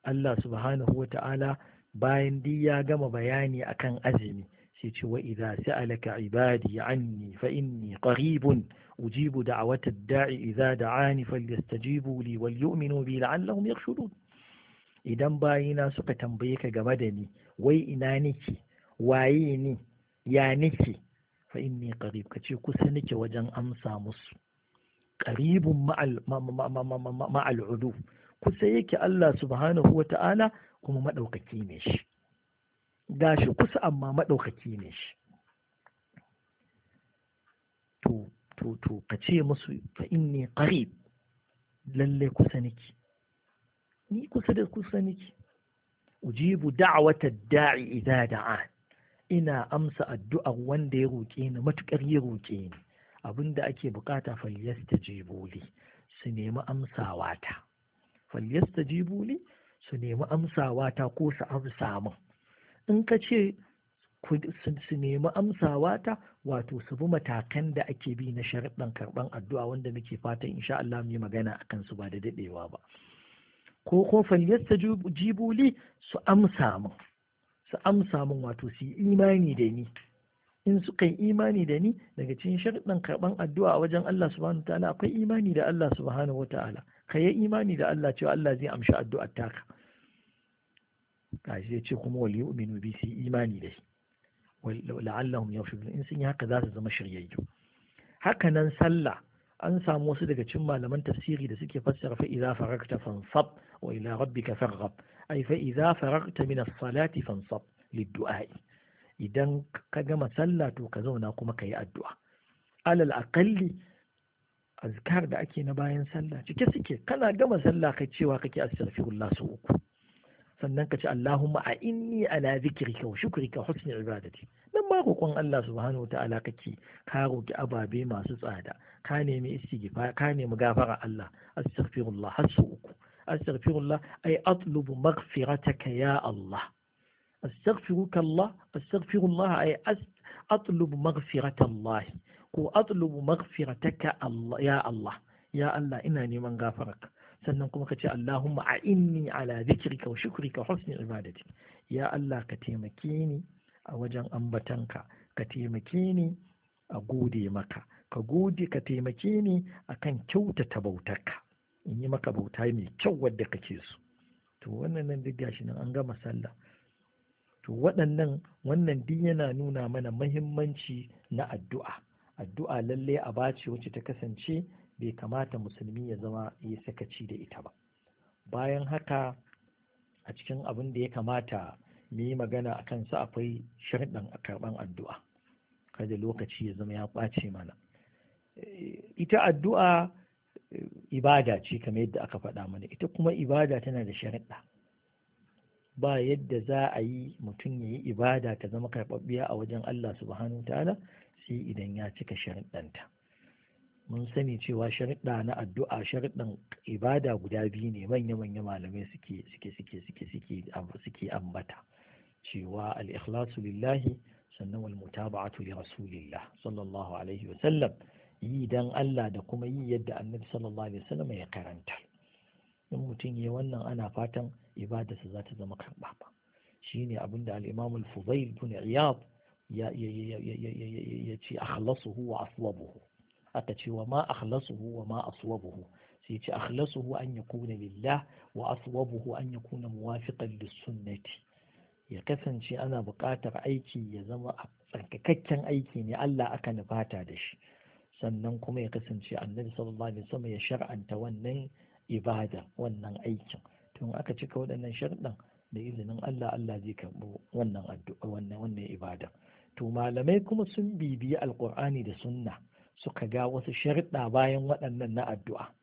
Allah subhanahu wa ta'ala bayan dai ya gama bayani akan azumi sai ce wa idza sa'alaka ibadi anni fa inni qaribun ujibu da'wata da'i idza da'ani falyastajibu li wal yu'minu bi la'allahum yakhshurun idan bayina suka tambaye ka game da ni wai ina niki? waye ni ya niki? fa inni qarib kace kusa niki wajen amsa musu qaribun ma'al udu kusa yake Allah subhanahu wata'ala kuma madaukaki ne shi gashi kusa amma madaukaki ne shi to to to kace musu fa inni qarib lalle kusa niki? ni kusa da kusa niki? ujibu da'a da'wata da'i idza da'an ina amsa addu'ar wanda ya roƙe ni matukar ya roƙe ni abinda ake buƙata falyastajibu li su nemi amsawa ta falyastajibu li su nemi amsawa ta ko su amsa min in ka ce su nemi amsawa ta wato su bi matakan da ake bi na sharaɗin karɓar addu'a wanda muke fatan insha Allah mu yi magana akan su ba da daɗewa ba ko kuma falyasta jibuli su amsa min su amsa min wato su yi imani da ni in suka yi imani da ni daga cikin sharɗin karɓan addu'a wajen Allah subhanahu ta'ala akwai imani da Allah subhanahu wata'ala ka yi imani da Allah cewa Allah zai amshi addu'ar taka ka ya ce kuma wali yu'minu bi su imani da shi la'allahum yawshurun in sun yi haka za su zama shiryayyu haka nan sallah an samu wasu daga cikin malaman tafsiri da suke fassara fa idza faragta fansab wa ila rabbika farghab ai fa idza faragta min as-salati fansab lid idan ka gama sallah to ka zauna kuma ka yi addu'a alal akalli azkar da ake na bayan sallah cike suke kana gama sallah ka cewa kake astaghfirullah su uku sannan ka ci Allahumma a inni ala zikrika wa shukrika husni ibadati dan ma roƙon Allah subhanahu wa ta'ala kake ka roƙi ababe masu tsada ka nemi istighfar ka nemi gafara Allah astaghfirullah har su uku astaghfirullah ay atlubu maghfirataka ya Allah astaghfiruka Allah astaghfirullah ay atlubu maghfirata Allah ko atlubu maghfirataka Allah ya Allah ya Allah ina neman gafararka sannan kuma ka ce Allahumma a inni ala ka wa shukrika husni ibadati ya Allah ka taimake ni a wajen ambatanka ka taimake ni a gode maka ka gode ka taimake ni akan kyautata bautarka in yi maka bauta mai kyau wadda kake so to wannan nan duk gashi nan an gama sallah to waɗannan wannan din yana nuna mana mahimmanci na addu'a addu'a lalle a bace wacce ta kasance bai kamata musulmi ya zama ya saka ci da ita ba bayan haka a cikin abin da ya kamata mu yi magana a kansa akwai sharɗan a karɓan addu'a kada lokaci ya zama ya ɓace mana ita addu'a ibada ce kamar yadda aka faɗa mana ita kuma ibada tana da sharaɗa ba yadda za a yi mutum ya yi ibada ta zama karɓaɓɓiya a wajen Allah subhanahu ta'ala sai idan ya cika ta mun sani cewa sharuɗa na addu'a shariɗan ibada guda biyu ne manya-manya malamai suke suke suke suke suke suke ambata cewa al-ikhlasu lillahi sannan wal mutaba'atu li rasulillah sallallahu alaihi wa sallam yi dan Allah da kuma yi yadda annabi sallallahu alaihi wa sallam ya karanta in mutum ya wannan ana fatan ibadarsa za ta zama karɓaɓa shine abinda al-imam al-fudail ibn iyad ya ya ya ya ya ce akhlasuhu wa aslabuhu aka ce wa ma akhlasuhu wa ma aswabuhu sai ce akhlasuhu an yakuna lillah wa aswabuhu an yakuna muwafiqan lisunnati ya kasance ana buƙatar aiki ya zama tsarkakakken aiki ne Allah aka nufata da shi sannan kuma ya kasance annabi sallallahu alaihi wasallam ya shar'anta wannan ibada wannan aikin tun aka cika waɗannan sharɗan da izinin Allah Allah zai karɓi wannan addu'a wannan wannan ibada to malamai kuma sun bibiyi alqur'ani da sunna suka ga wasu sharuɗa bayan waɗannan na addu'a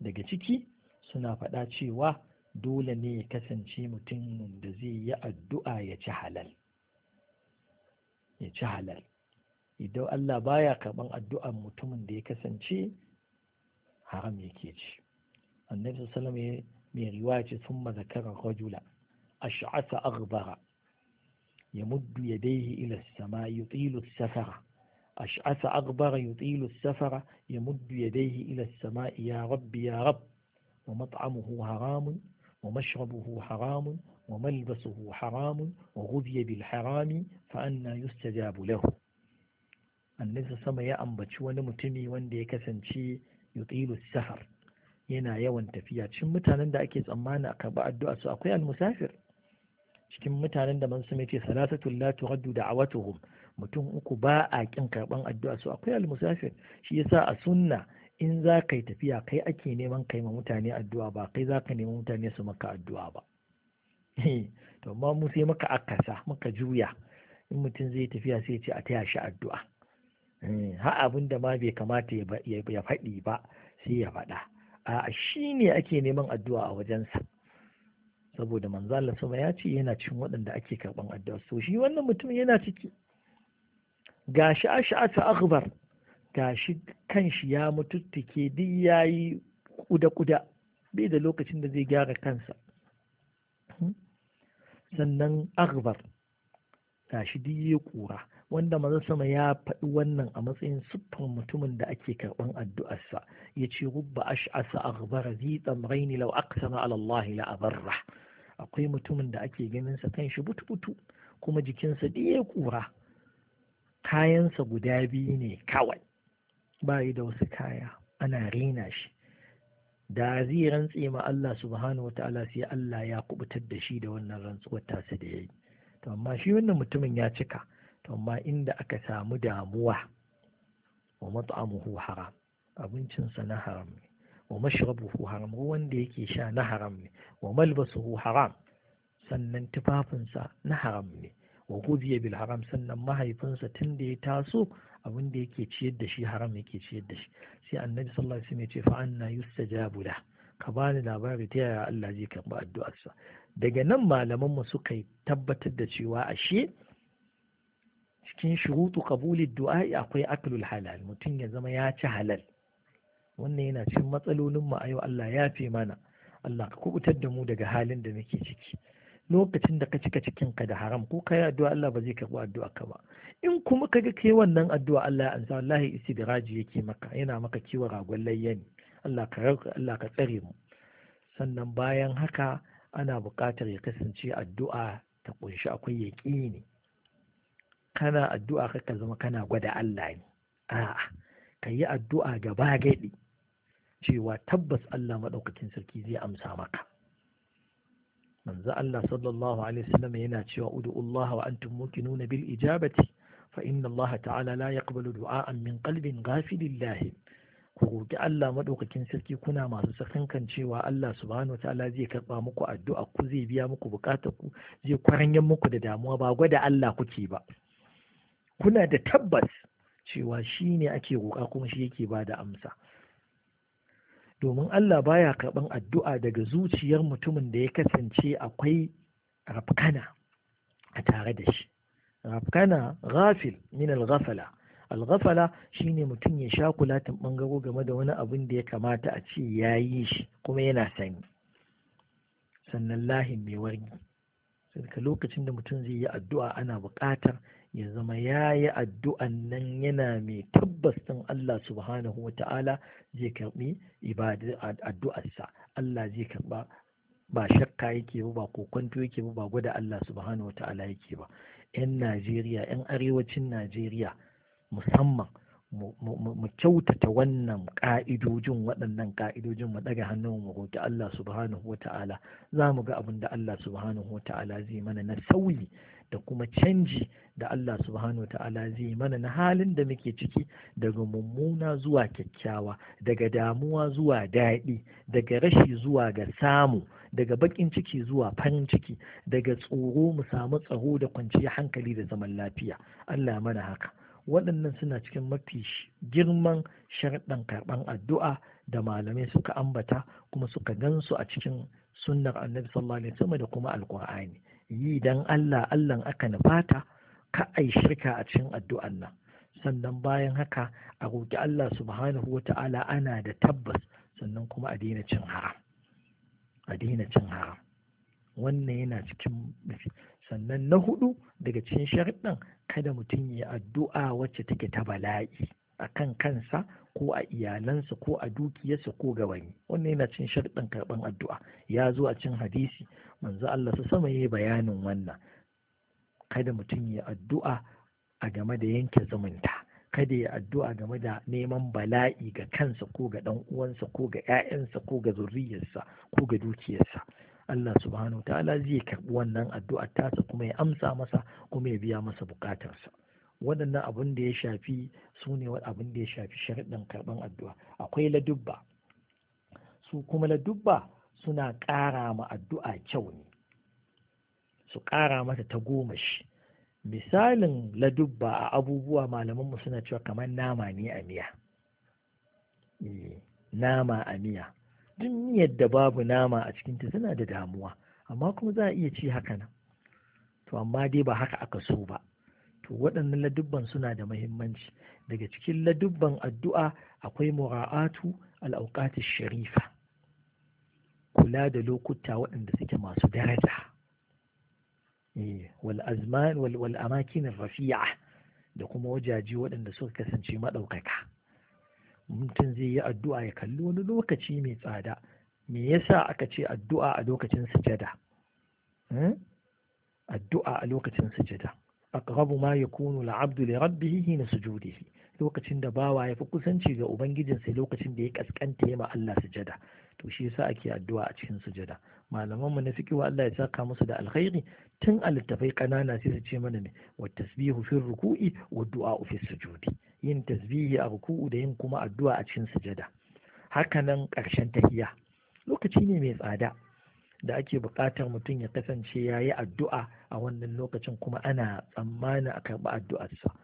daga ciki suna faɗa cewa dole ne ya kasance mutumin da zai yi addu'a ya ci halal ya ci halal idan Allah baya karɓan addu'ar mutumin da ya kasance haram yake ci annabi sallallahu mai riwaya ce sun mazakara rajula ash'asa aghbara ya yadayhi ila as-sama yutilu safara أشعث أغبر يطيل السفر يمد يديه إلى السماء يا رب يا رب ومطعمه حرام ومشربه حرام وملبسه حرام وغذي بالحرام فأنا يستجاب له النساء سما يا أمبتش ونمتمي وندي كسنشي يطيل السفر ينا يوان تفيات شم متانند أكيز أمانا أكبع الدعاء سأقوي المسافر شمتها متانند من سميتي ثلاثة لا ترد دعوتهم mutum uku ba a kin karban addu'a su akwai almusafir shi yasa a sunna in za ka yi tafiya kai ake neman kai ma mutane addu'a ba kai za ka nema mutane su maka addu'a ba eh, to amma mu sai muka akasa muka juya in mutum zai tafiya sai ce a taya shi addu'a eh, ha abin da ma bai kamata ya faɗi ba sai ya faɗa a shi ne ake neman addu'a a wajensa saboda manzo Allah ya ce yana cikin waɗanda ake karɓan addu'a so shi wannan mutum yana ciki gashi ash'ata akhbar gashi kanshi ya mututtuke duk yayi kuda kuda bai da lokacin da zai gyara kansa hmm? sannan akhbar gashi duk yayi kura wanda maza sama ya faɗi wannan a matsayin siffar mutumin da ake karɓan addu'arsa ya ce rubba ash'asa aghbara zi tsamraini law aqsama ala Allah la abarra akwai mutumin da ake ganin sa kan shi butu-butu kuma jikinsa ya kura kayansa guda biyu ne kawai Ba yi da wasu kaya ana rina shi da zai rantse ma Allah subhanahu Ta'ala sai Allah ya kubutar da shi da wannan rantsuwar tasa da yayi to amma shi wannan mutumin ya cika to amma inda aka samu damuwa wa mat'amuhu haram abincinsa na haram ne wa mashrabuhu haram ruwan da yake sha na haram ne wa malbasuhu haram sannan tufafinsa na haram ne wa guziya bil haram sannan mahaifinsa tun da ya taso abin da yake ciyar da shi haram yake ciyar da shi sai annabi sallallahu alaihi wasallam ya ce fa anna yustajabu da ka bani labari ta yaya Allah zai karɓi addu'arsa daga nan malaman mu suka tabbatar da cewa ashe cikin shurutu qabulid du'a'i akwai aklul halal mutum ya zama ya ci halal wannan yana cikin matsalolin mu a yau Allah ya fi mana Allah ka kubutar da mu daga halin da muke ciki lokacin da ka cika cikin ka da haram ko kai addu'a Allah ba zai karɓi addu'a ka ba in kuma ka ga kai wannan addu'a Allah ya ansa wallahi istidraji yake maka yana maka kiwon ragon layya ne Allah ka Allah ka tsare mu sannan bayan haka ana buƙatar ya kasance addu'a ta kunshi akwai yaqini kana addu'a ka ka zama kana gwada Allah ne a'a ka yi addu'a gaba gaɗi cewa tabbas Allah maɗaukakin sarki zai amsa maka manzo Allah sallallahu alaihi wasallam yana cewa ud'ullaha wa antum muqinuna bil ijabati fa inna Allah ta'ala la yaqbalu du'a'an min qalbin ghafilillah ku roki Allah madaukakin sarki kuna masu kan cewa Allah subhanahu wa ta'ala zai karba muku addu'a ku zai biya muku bukatar ku zai kwaranyen muku da damuwa ba gwada Allah kuke ba kuna da tabbas cewa shine ake roka kuma shi yake bada amsa domin Allah baya karɓan addu'a daga zuciyar mutumin da ya kasance akwai rafkana a tare da shi rafkana ghafil min al-ghafala al-ghafala shine mutum ya sha kulatin ɓangaro game da wani abin da ya kamata a ce ya yi shi kuma yana sani sannan lahin mai wargi sai lokacin da mutum zai yi addu'a ana buƙatar ya zama ya yi addu'an nan yana mai tabbas ɗin Allah subhanahu wa ta'ala zai karɓi addu'arsa Allah zai karɓa ba shakka yake ba ba kokonto yake ba gwada Allah subhanahu wa ta'ala yake ba 'yan Najeriya 'yan arewacin Najeriya musamman mu kyautata wannan ƙa'idojin waɗannan ƙa'idojin mu ɗaga hannun mu roƙi Allah subhanahu wa ta'ala za mu ga abin da Allah subhanahu wa ta'ala zai mana na sauyi da kuma canji da Allah subhanahu wa ta'ala zai mana na halin da muke ciki daga mummuna zuwa kyakkyawa daga damuwa zuwa daɗi daga rashi zuwa ga samu daga baƙin ciki zuwa farin ciki daga tsoro mu samu tsaro da kwanciyar hankali da zaman lafiya Allah mana haka waɗannan suna cikin mafi girman sharɗan karɓan addu'a da malamai suka ambata kuma suka gansu a cikin sunnar annabi sallallahu alaihi wasallam da kuma alkur'ani yi dan Allah Allah aka nufata ka a yi shirka a cikin addu'an nan sannan bayan haka a roƙi Allah subhanahu wa ta'ala ana da tabbas sannan kuma a daina cin haram a daina cin haram wannan yana cikin sannan na hudu daga cikin sharuɗin kada mutum ya addu'a wacce take ta bala'i a kan kansa ko a iyalansa ko a dukiyarsa ko ga wani wannan yana cin sharuɗin karɓan addu'a ya zo a cin hadisi manzo Allah su sama yi bayanin wannan kada mutum ya addu'a a game da yanke zumunta kada ya addu'a game da neman bala'i ga kansa ko ga ɗan uwansa ko ga 'ya'yansa ko ga zuriyarsa, ko ga dukiyarsa Allah subhanahu ta'ala zai karbi wannan addu'ar tasa kuma ya amsa masa kuma ya biya masa bukatarsa waɗannan abin da ya shafi su ne abin da ya shafi sharaɗin karɓan addu'a akwai ladubba su kuma ladubba suna ƙara ma addu'a kyau ne su ƙara mata ta goma shi misalin ladubba a abubuwa malamanmu suna cewa kamar nama ne a miya eh, nama a miya duk miyar da babu nama a cikinta suna da damuwa amma kuma za a iya ci haka nan to amma dai ba haka aka so ba to waɗannan ladubban suna da muhimmanci. daga cikin ladubban addu'a akwai mura'atu al'aukatun sharifa kula da lokuta waɗanda suke masu daraja eh, wal azman wal rafiya. rafi'a da kuma wajaji waɗanda suka kasance maɗaukaka mutum zai yi addu'a ya kalli wani lokaci mai tsada me yasa aka ce addu'a a lokacin sujada hmm? addu'a a lokacin sujada aqrabu ma yakunu al-'abdu li rabbih hina sujudihi lokacin da bawa ya fi kusanci ga ubangijinsa lokacin da ya kaskanta ma Allah sujada to shi yasa ake addu'a a cikin sujada malaman mu na wa Allah ya saka musu da alkhairi tun a littafai kanana sai su ce mana ne wa tasbihu fi ruku'i wa du'a fi sujudi yin tasbihi a ruku'u da yin kuma addu'a a cikin sujada haka nan ƙarshen lokaci ne mai tsada da ake buƙatar mutum ya kasance ya yi addu'a a wannan lokacin kuma ana tsammanin a karɓi addu'arsa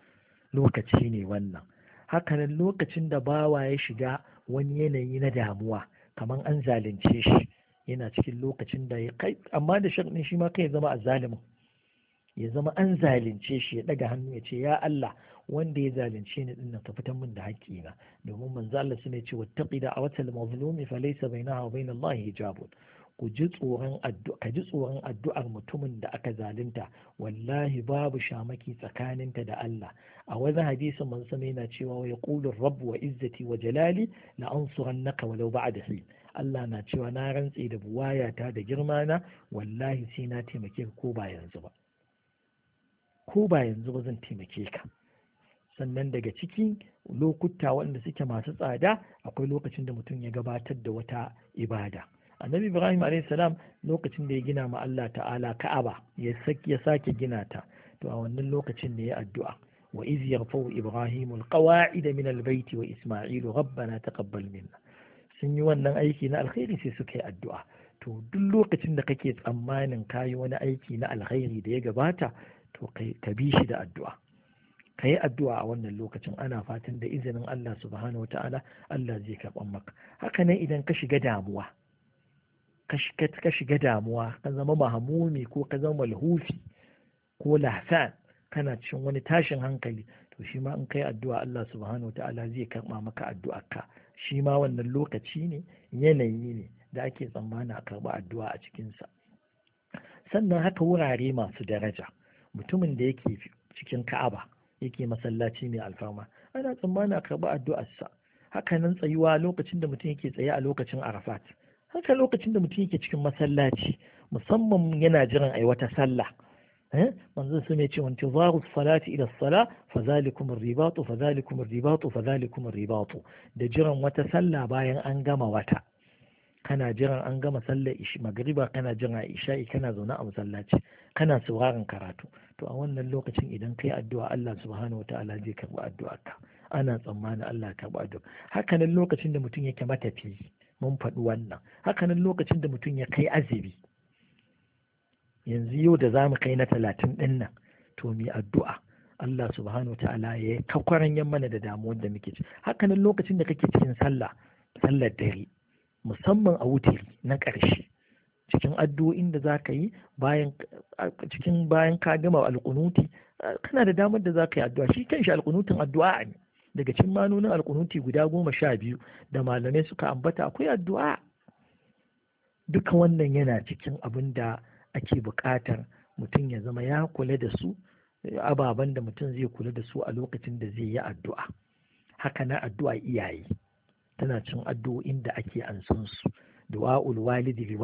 lokaci ne wannan hakanan lokacin da bawa ya shiga wani yanayi na damuwa kamar an zalunce shi yana cikin lokacin da ya kai amma da sharɗin shi ma kai zama a zalimin ya zama an zalunce shi ya daga hannu ya ce ya Allah wanda ya zalunce ni din ka fitan min da haƙƙi na domin manzo Allah sune ce wattaqi da awatal mazlumi fa bai bainaha wa bainal hijabun ku ji tsoron addu'a ka ji tsoron addu'ar mutumin da aka zalunta wallahi babu shamaki tsakaninta da Allah a wani hadisin man sama na cewa wa yaqulu rabb wa izzati wa jalali la ansurannaka walau ba'da hin Allah na cewa na rantse da buwayata da girma na. wallahi sai na taimake ka ko ba yanzu ba ko ba yanzu ba zan taimake ka sannan daga ciki, lokuta waɗanda suke masu tsada akwai lokacin da mutum ya gabatar da wata ibada annabi ibrahim alaihissalam lokacin da ya gina ma Allah ta'ala ka'aba ya sake gina ta to a wannan lokacin ne ya addu'a wa iz yarfau ibrahim alqawa'id min albayt wa isma'ilu rabbana taqabbal minna sun yi wannan aiki na alkhairi sai suka yi addu'a to duk lokacin da kake tsammanin kayi wani aiki na alkhairi da ya gabata to ka bi shi da addu'a ka yi addu'a a wannan lokacin ana fatan da izinin Allah subhanahu wata'ala Allah zai karɓan maka haka nan idan ka shiga damuwa ka shiga damuwa ka zama mahamumi ko ka zama malhufi ko lahsan kana cikin wani tashin hankali to shi ma in kai addu'a Allah subhanahu wa ta'ala zai karɓa maka addu'arka shi ma wannan lokaci ne yanayi ne da ake tsammani a karɓa addu'a a cikinsa sannan haka wurare masu daraja mutumin da yake cikin ka'aba yake masallaci mai alfarma ana tsammani a karɓa addu'arsa haka nan tsayuwa lokacin da mutum yake tsaye a lokacin arafat haka lokacin da mutum yake cikin masallaci musamman yana jiran ai wata sallah eh, manzo sun ce wanti zaru salati ila sala fa zalikum ribatu fa zalikum ribatu fa zalikum ribatu da jiran wata sallah bayan an gama wata kana jiran an gama sallar ishi magriba kana jiran isha'i kana zaune a masallaci kana sauraron karatu to a wannan lokacin idan kai addu'a Allah subhanahu ta'ala zai karbi addu'arka ana tsammanin Allah ya karbi addu'a hakanan lokacin da mutum yake matafi. mun faɗi wannan hakanan lokacin da mutum ya kai azumi yanzu yau da za mu kai na talatin ɗin nan to mi addu'a Allah subhanahu ta'ala ya yi kakwaran yan mana da damuwar da muke ci hakanan lokacin da kake cikin sallah sallar dare musamman a wutiri na ƙarshe cikin addu'o'in da za ka yi bayan cikin bayan ka gama alƙunuti kana da damar da za ka yi addu'a shi kanshi alƙunutin addu'a ne daga cin manonin alkunuti guda goma sha biyu da malamai suka ambata akwai addu'a duka wannan yana cikin abin da ake buƙatar mutum ya zama ya kula da su ababen da mutum zai kula da su a lokacin da zai yi addu'a haka na addu'a iyaye tana cin addu'o'in da ake ansan su du'a ulwalidi li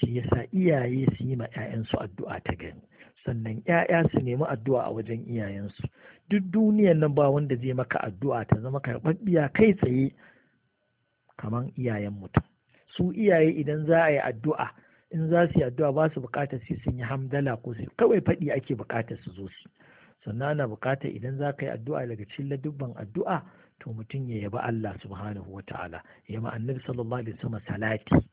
shi yasa iyaye su yi ma 'ya'yansu addu'a ta gani sannan 'ya'ya su nemi addu'a a wajen iyayensu duk duniyan nan ba wanda zai maka addu'a ta zama karɓaɓɓiya kai tsaye kamar iyayen mutum su iyaye idan za a yi addu'a in za su yi addu'a ba su bukatar su sun yi hamdala ko su kawai faɗi ake bukatar su zo su sannan ana bukatar idan za ka yi addu'a daga cikin ladubban addu'a to mutum ya yaba Allah subhanahu wa ta'ala ya ma'annabi sallallahu alaihi wasallam salati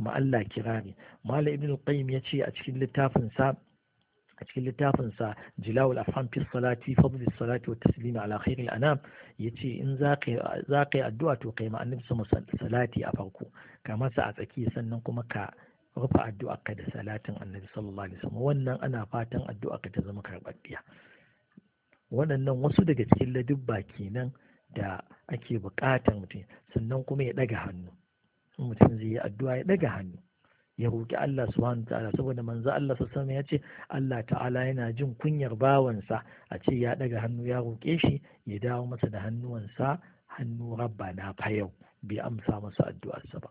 ma Allah kirari malam ibn al-qayyim yace a cikin littafin sa a cikin littafin sa jilawul afham fi salati fadl salati wa taslim ala khair al-anam yace in zaka zaka yi addu'a to kai ma annabi salati a farko ka masa a tsaki sannan kuma ka rufe ka da salatin annabi sallallahu alaihi wasallam wannan ana fatan addu'a ka ta zama karbabbiya waɗannan wasu daga cikin ladubba kenan da ake buƙatar mutum sannan kuma ya ɗaga hannu mutum zai yi addu'a ya ɗaga hannu ya roƙi Allah subhanahu ta'ala saboda manzo Allah sallallahu ya ce Allah ta'ala yana jin kunyar bawansa a ce ya ɗaga hannu ya roƙe shi ya dawo masa da hannuwansa hannu rabba na fa yau bai amsa masa addu'arsa ba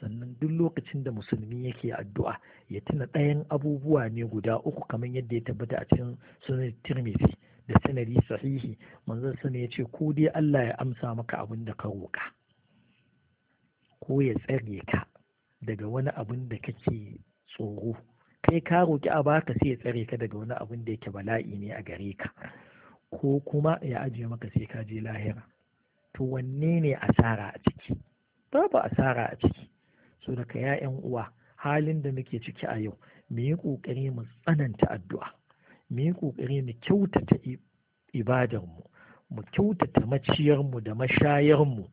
sannan duk lokacin da musulmi yake addu'a ya tuna ɗayan abubuwa ne guda uku kamar yadda ya tabbata a cikin sunan tirmidhi da sanadi sahihi manzo sa ne ya ce ko dai Allah ya amsa maka abin da ka roƙa ko ya tsare ka daga wani abin da kake tsoro kai ka roƙi a baka sai ya tsare ka daga wani abin da yake bala'i ne a gare ka ko kuma ya ajiye maka sai ka je lahira to wanne ne asara a ciki babu asara a ciki so daga ya'yan uwa halin da muke ciki a yau mu yi ƙoƙari mu tsananta addu'a mu yi ƙoƙari mu kyautata ibadarmu mu kyautata maciyarmu da mashayarmu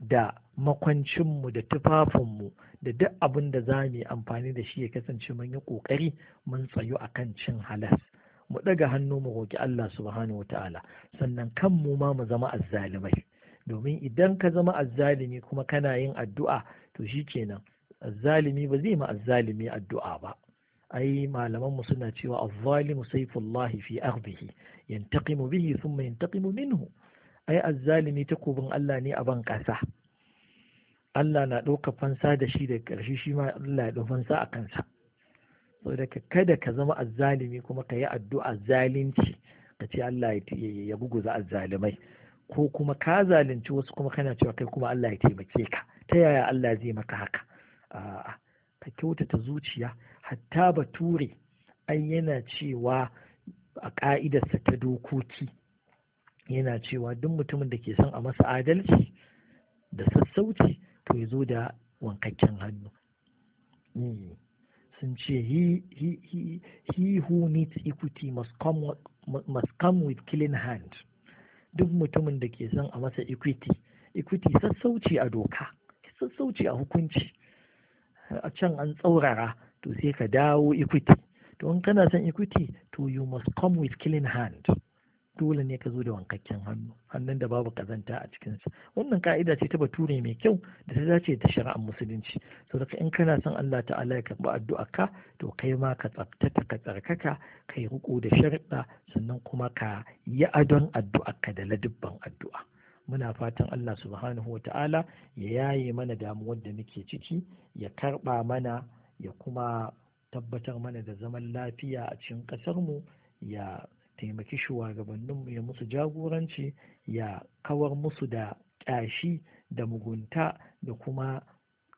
da makwancinmu da tufafinmu da duk abin da za mu yi amfani da shi ya kasance mun yi ƙoƙari mun tsayu a kan cin halas mu ɗaga hannu mu roƙi Allah subhanahu wata'ala sannan kan mu ma mu zama azzalimai domin idan ka zama azzalimi kuma kana yin addu'a to kenan azzalimi ba zai ma azzalimi addu'a ba ai malaman mu suna cewa azzalimu sayfullahi fi ardihi yantaqimu bihi thumma yantaqimu minhu ai azzalimi takobin Allah ne a ban ƙasa Allah na ɗauka fansa da shi da ƙarshe shi ma Allah ya ɗau fansa a kansa saboda kada ka zama azzalimi kuma ka yi addu'a zalunci ka ce Allah ya guguza azzalimai ko kuma ka zalunci wasu kuma kana cewa kai kuma Allah ya taimake ka ta yaya Allah zai maka haka a'a ka kyautata zuciya hatta bature ai yana cewa a ƙa'idarsa ta dokoki yana cewa duk mutumin da ke son a masa adalci da sassauci to ya zo da wankakken hannu mm. sun ce he who needs equity must come, with clean hand duk mutumin da ke son a masa equity equity sassauci a doka sassauci a hukunci a can an tsaurara to sai ka dawo equity to in kana son equity to you must come with clean hand dole ne ka zo da wankakken hannu hannun da babu kazanta a cikinsa wannan ka'ida ce ta bature mai kyau da ta dace da shari'ar musulunci saboda in kana son Allah ta'ala ya karɓi addu'a ka, to kai ma ka tsaftata ka tsarkaka ka yi riƙo da sharuɗa sannan kuma ka yi adon addu'a ka da ladubban addu'a muna fatan Allah subhanahu wa ta'ala ya yaye mana damuwar da muke ciki ya karɓa mana ya kuma tabbatar mana da zaman lafiya a cikin ƙasarmu ya taimaki mu ya musu jagoranci ya kawar musu da ƙyashi da mugunta da kuma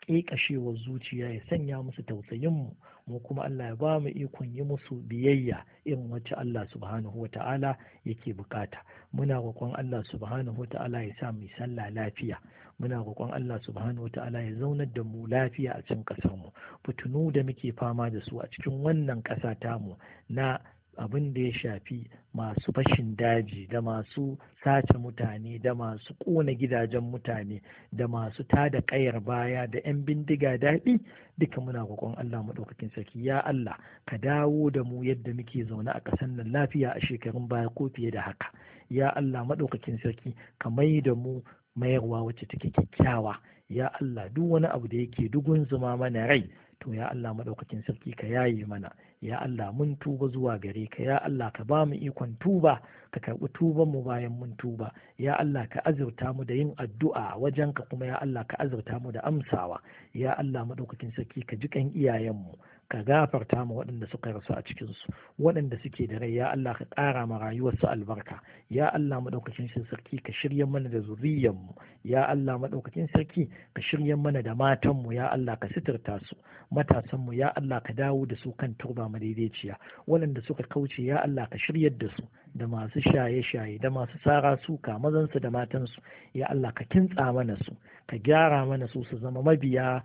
ƙeƙashewar zuciya ya sanya musu tausayinmu mu kuma Allah ya ba mu ikon yi musu biyayya irin wacce Allah subhanahu wa ta'ala yake bukata muna roƙon Allah subhanahu wa ta'ala ya sa mu sallah lafiya muna roƙon Allah subhanahu wa ta'ala ya zaunar da mu lafiya a cikin mu fitinu da muke fama da su a cikin wannan ƙasa tamu na abin da ya shafi masu fashin daji da masu sace mutane da masu ƙona gidajen mutane da masu tada ƙayar baya da 'yan bindiga daɗi duka muna kokon Allah maɗaukakin sarki ya Allah ka dawo da mu yadda muke zaune a ƙasar nan lafiya a shekarun baya ko fiye da haka ya Allah maɗaukakin sarki ka mai da mu mayarwa wacce take kyakkyawa ya Allah duk wani abu da yake dugun zuma mana rai to ya Allah maɗaukakin sarki ka yaye mana ya Allah mun tuba zuwa gare ka ya Allah ka ba mu ikon tuba ka karɓi tuban mu bayan mun tuba ya Allah ka azurta mu da yin addu'a wajen ka kuma ya Allah ka azurta mu da amsawa ya Allah madaukakin sarki ka jikan iyayen mu ka gafarta ma waɗanda suka rasu a cikinsu waɗanda suke da rai ya Allah ka ƙara ma rayuwarsu albarka ya Allah maɗaukakin sarki ka shirya mana da zuriyarmu ya Allah maɗaukakin sarki ka shirya mana da matanmu ya Allah ka sitirta su matasanmu ya Allah ka dawo da su kan turba madaidaiciya waɗanda suka kauce ya Allah ka shiryar da su da masu shaye-shaye da masu tsara suka mazansu da matansu ya Allah ka kintsa mana su ka gyara mana su su zama mabiya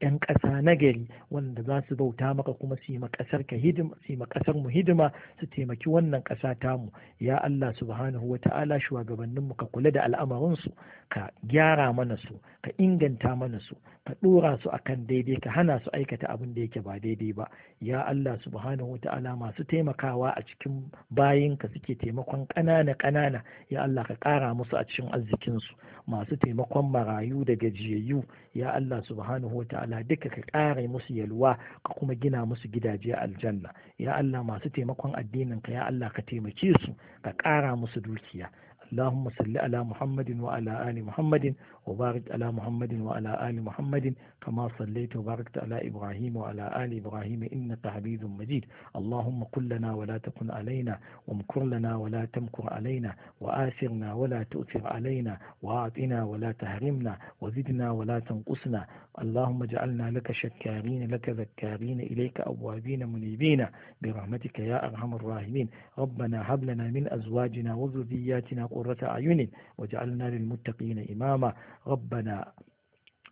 yan ƙasa na gari wanda za su bauta maka kuma su yi ma ka hidima su yi ma mu hidima su taimaki wannan ƙasa mu. ya Allah subhanahu wa ta'ala shugabannin mu ka kula da al'amarin su ka gyara mana su ka inganta mana su ka ɗora su akan daidai ka hana su aikata abin da yake ba daidai ba ya Allah subhanahu wa ta'ala masu taimakawa a cikin bayinka su suke taimakon ƙanana ƙanana ya Allah ka ƙara musu a cikin arzikinsu masu taimakon marayu da gajiyayyu ya Allah subhanahu wa ta'ala duka ka ƙara musu yalwa ka kuma gina musu gidaje a aljanna ya Allah masu taimakon addinin ka ya Allah ka taimake su ka ƙara musu dukiya اللهم صل على محمد وعلى آل محمد وبارك على محمد وعلى آل محمد كما صليت وباركت على إبراهيم وعلى آل إبراهيم إنك حميد مجيد اللهم قل لنا ولا تكن علينا وامكر لنا ولا تمكر علينا وآثرنا ولا تؤثر علينا وأعطنا ولا تهرمنا وزدنا ولا تنقصنا اللهم اجعلنا لك شكارين لك ذكارين إليك أوابين منيبين برحمتك يا أرحم الراحمين ربنا هب لنا من أزواجنا وذرياتنا قرة أعين وجعلنا للمتقين إماما ربنا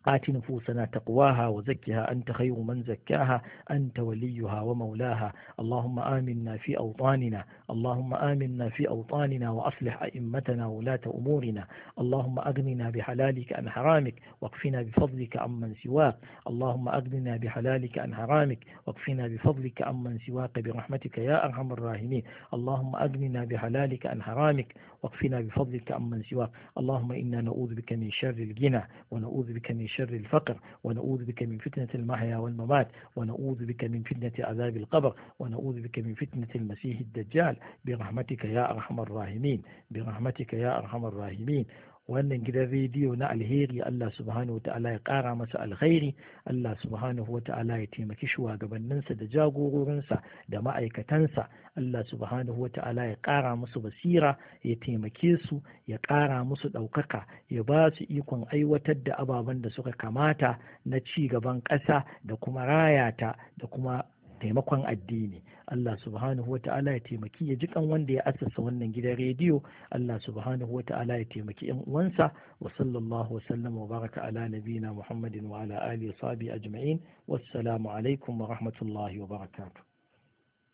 آت نفوسنا تقواها وزكها أنت خير من زكاها أنت وليها ومولاها اللهم آمنا في أوطاننا اللهم آمنا في أوطاننا وأصلح أئمتنا ولاة أمورنا اللهم أغننا بحلالك عن حرامك واكفنا بفضلك من سواك اللهم أغننا بحلالك عن حرامك واكفنا بفضلك من سواك برحمتك يا أرحم الراحمين اللهم أغننا بحلالك عن حرامك واكفنا بفضلك من سواك اللهم إنا نعوذ بك من شر الغنى ونعوذ بك من شر الفقر ونعوذ بك من فتنة المحيا والممات ونعوذ بك من فتنة عذاب القبر ونعوذ بك من فتنة المسيح الدجال برحمتك يا أرحم الراحمين برحمتك يا أرحم الراحمين wannan gidan rediyo na alheri Allah subhanahu wata'ala ya ƙara masa alheri, Allah subhanahu wata'ala ya taimaki shugabanninsa da jagororinsa da ma'aikatansa Allah subhanahu wata'ala ya ƙara musu basira ya taimake su ya ƙara musu ɗaukaka ya ba su ikon aiwatar da ababen da suka kamata na ci gaban ƙasa da kuma rayata da kuma taimakon addini Allah subhanahu wa ta'ala ya taimaki ya kan wanda ya asasa wannan gidan rediyo Allah subhanahu wa ta'ala ya taimaki yan uwansa wa sallallahu wasallam wa baraka ala nabina Muhammadin wa ala alihi wa sahbihi ajma'in wassalamu alaikum wa rahmatullahi wa barakatuh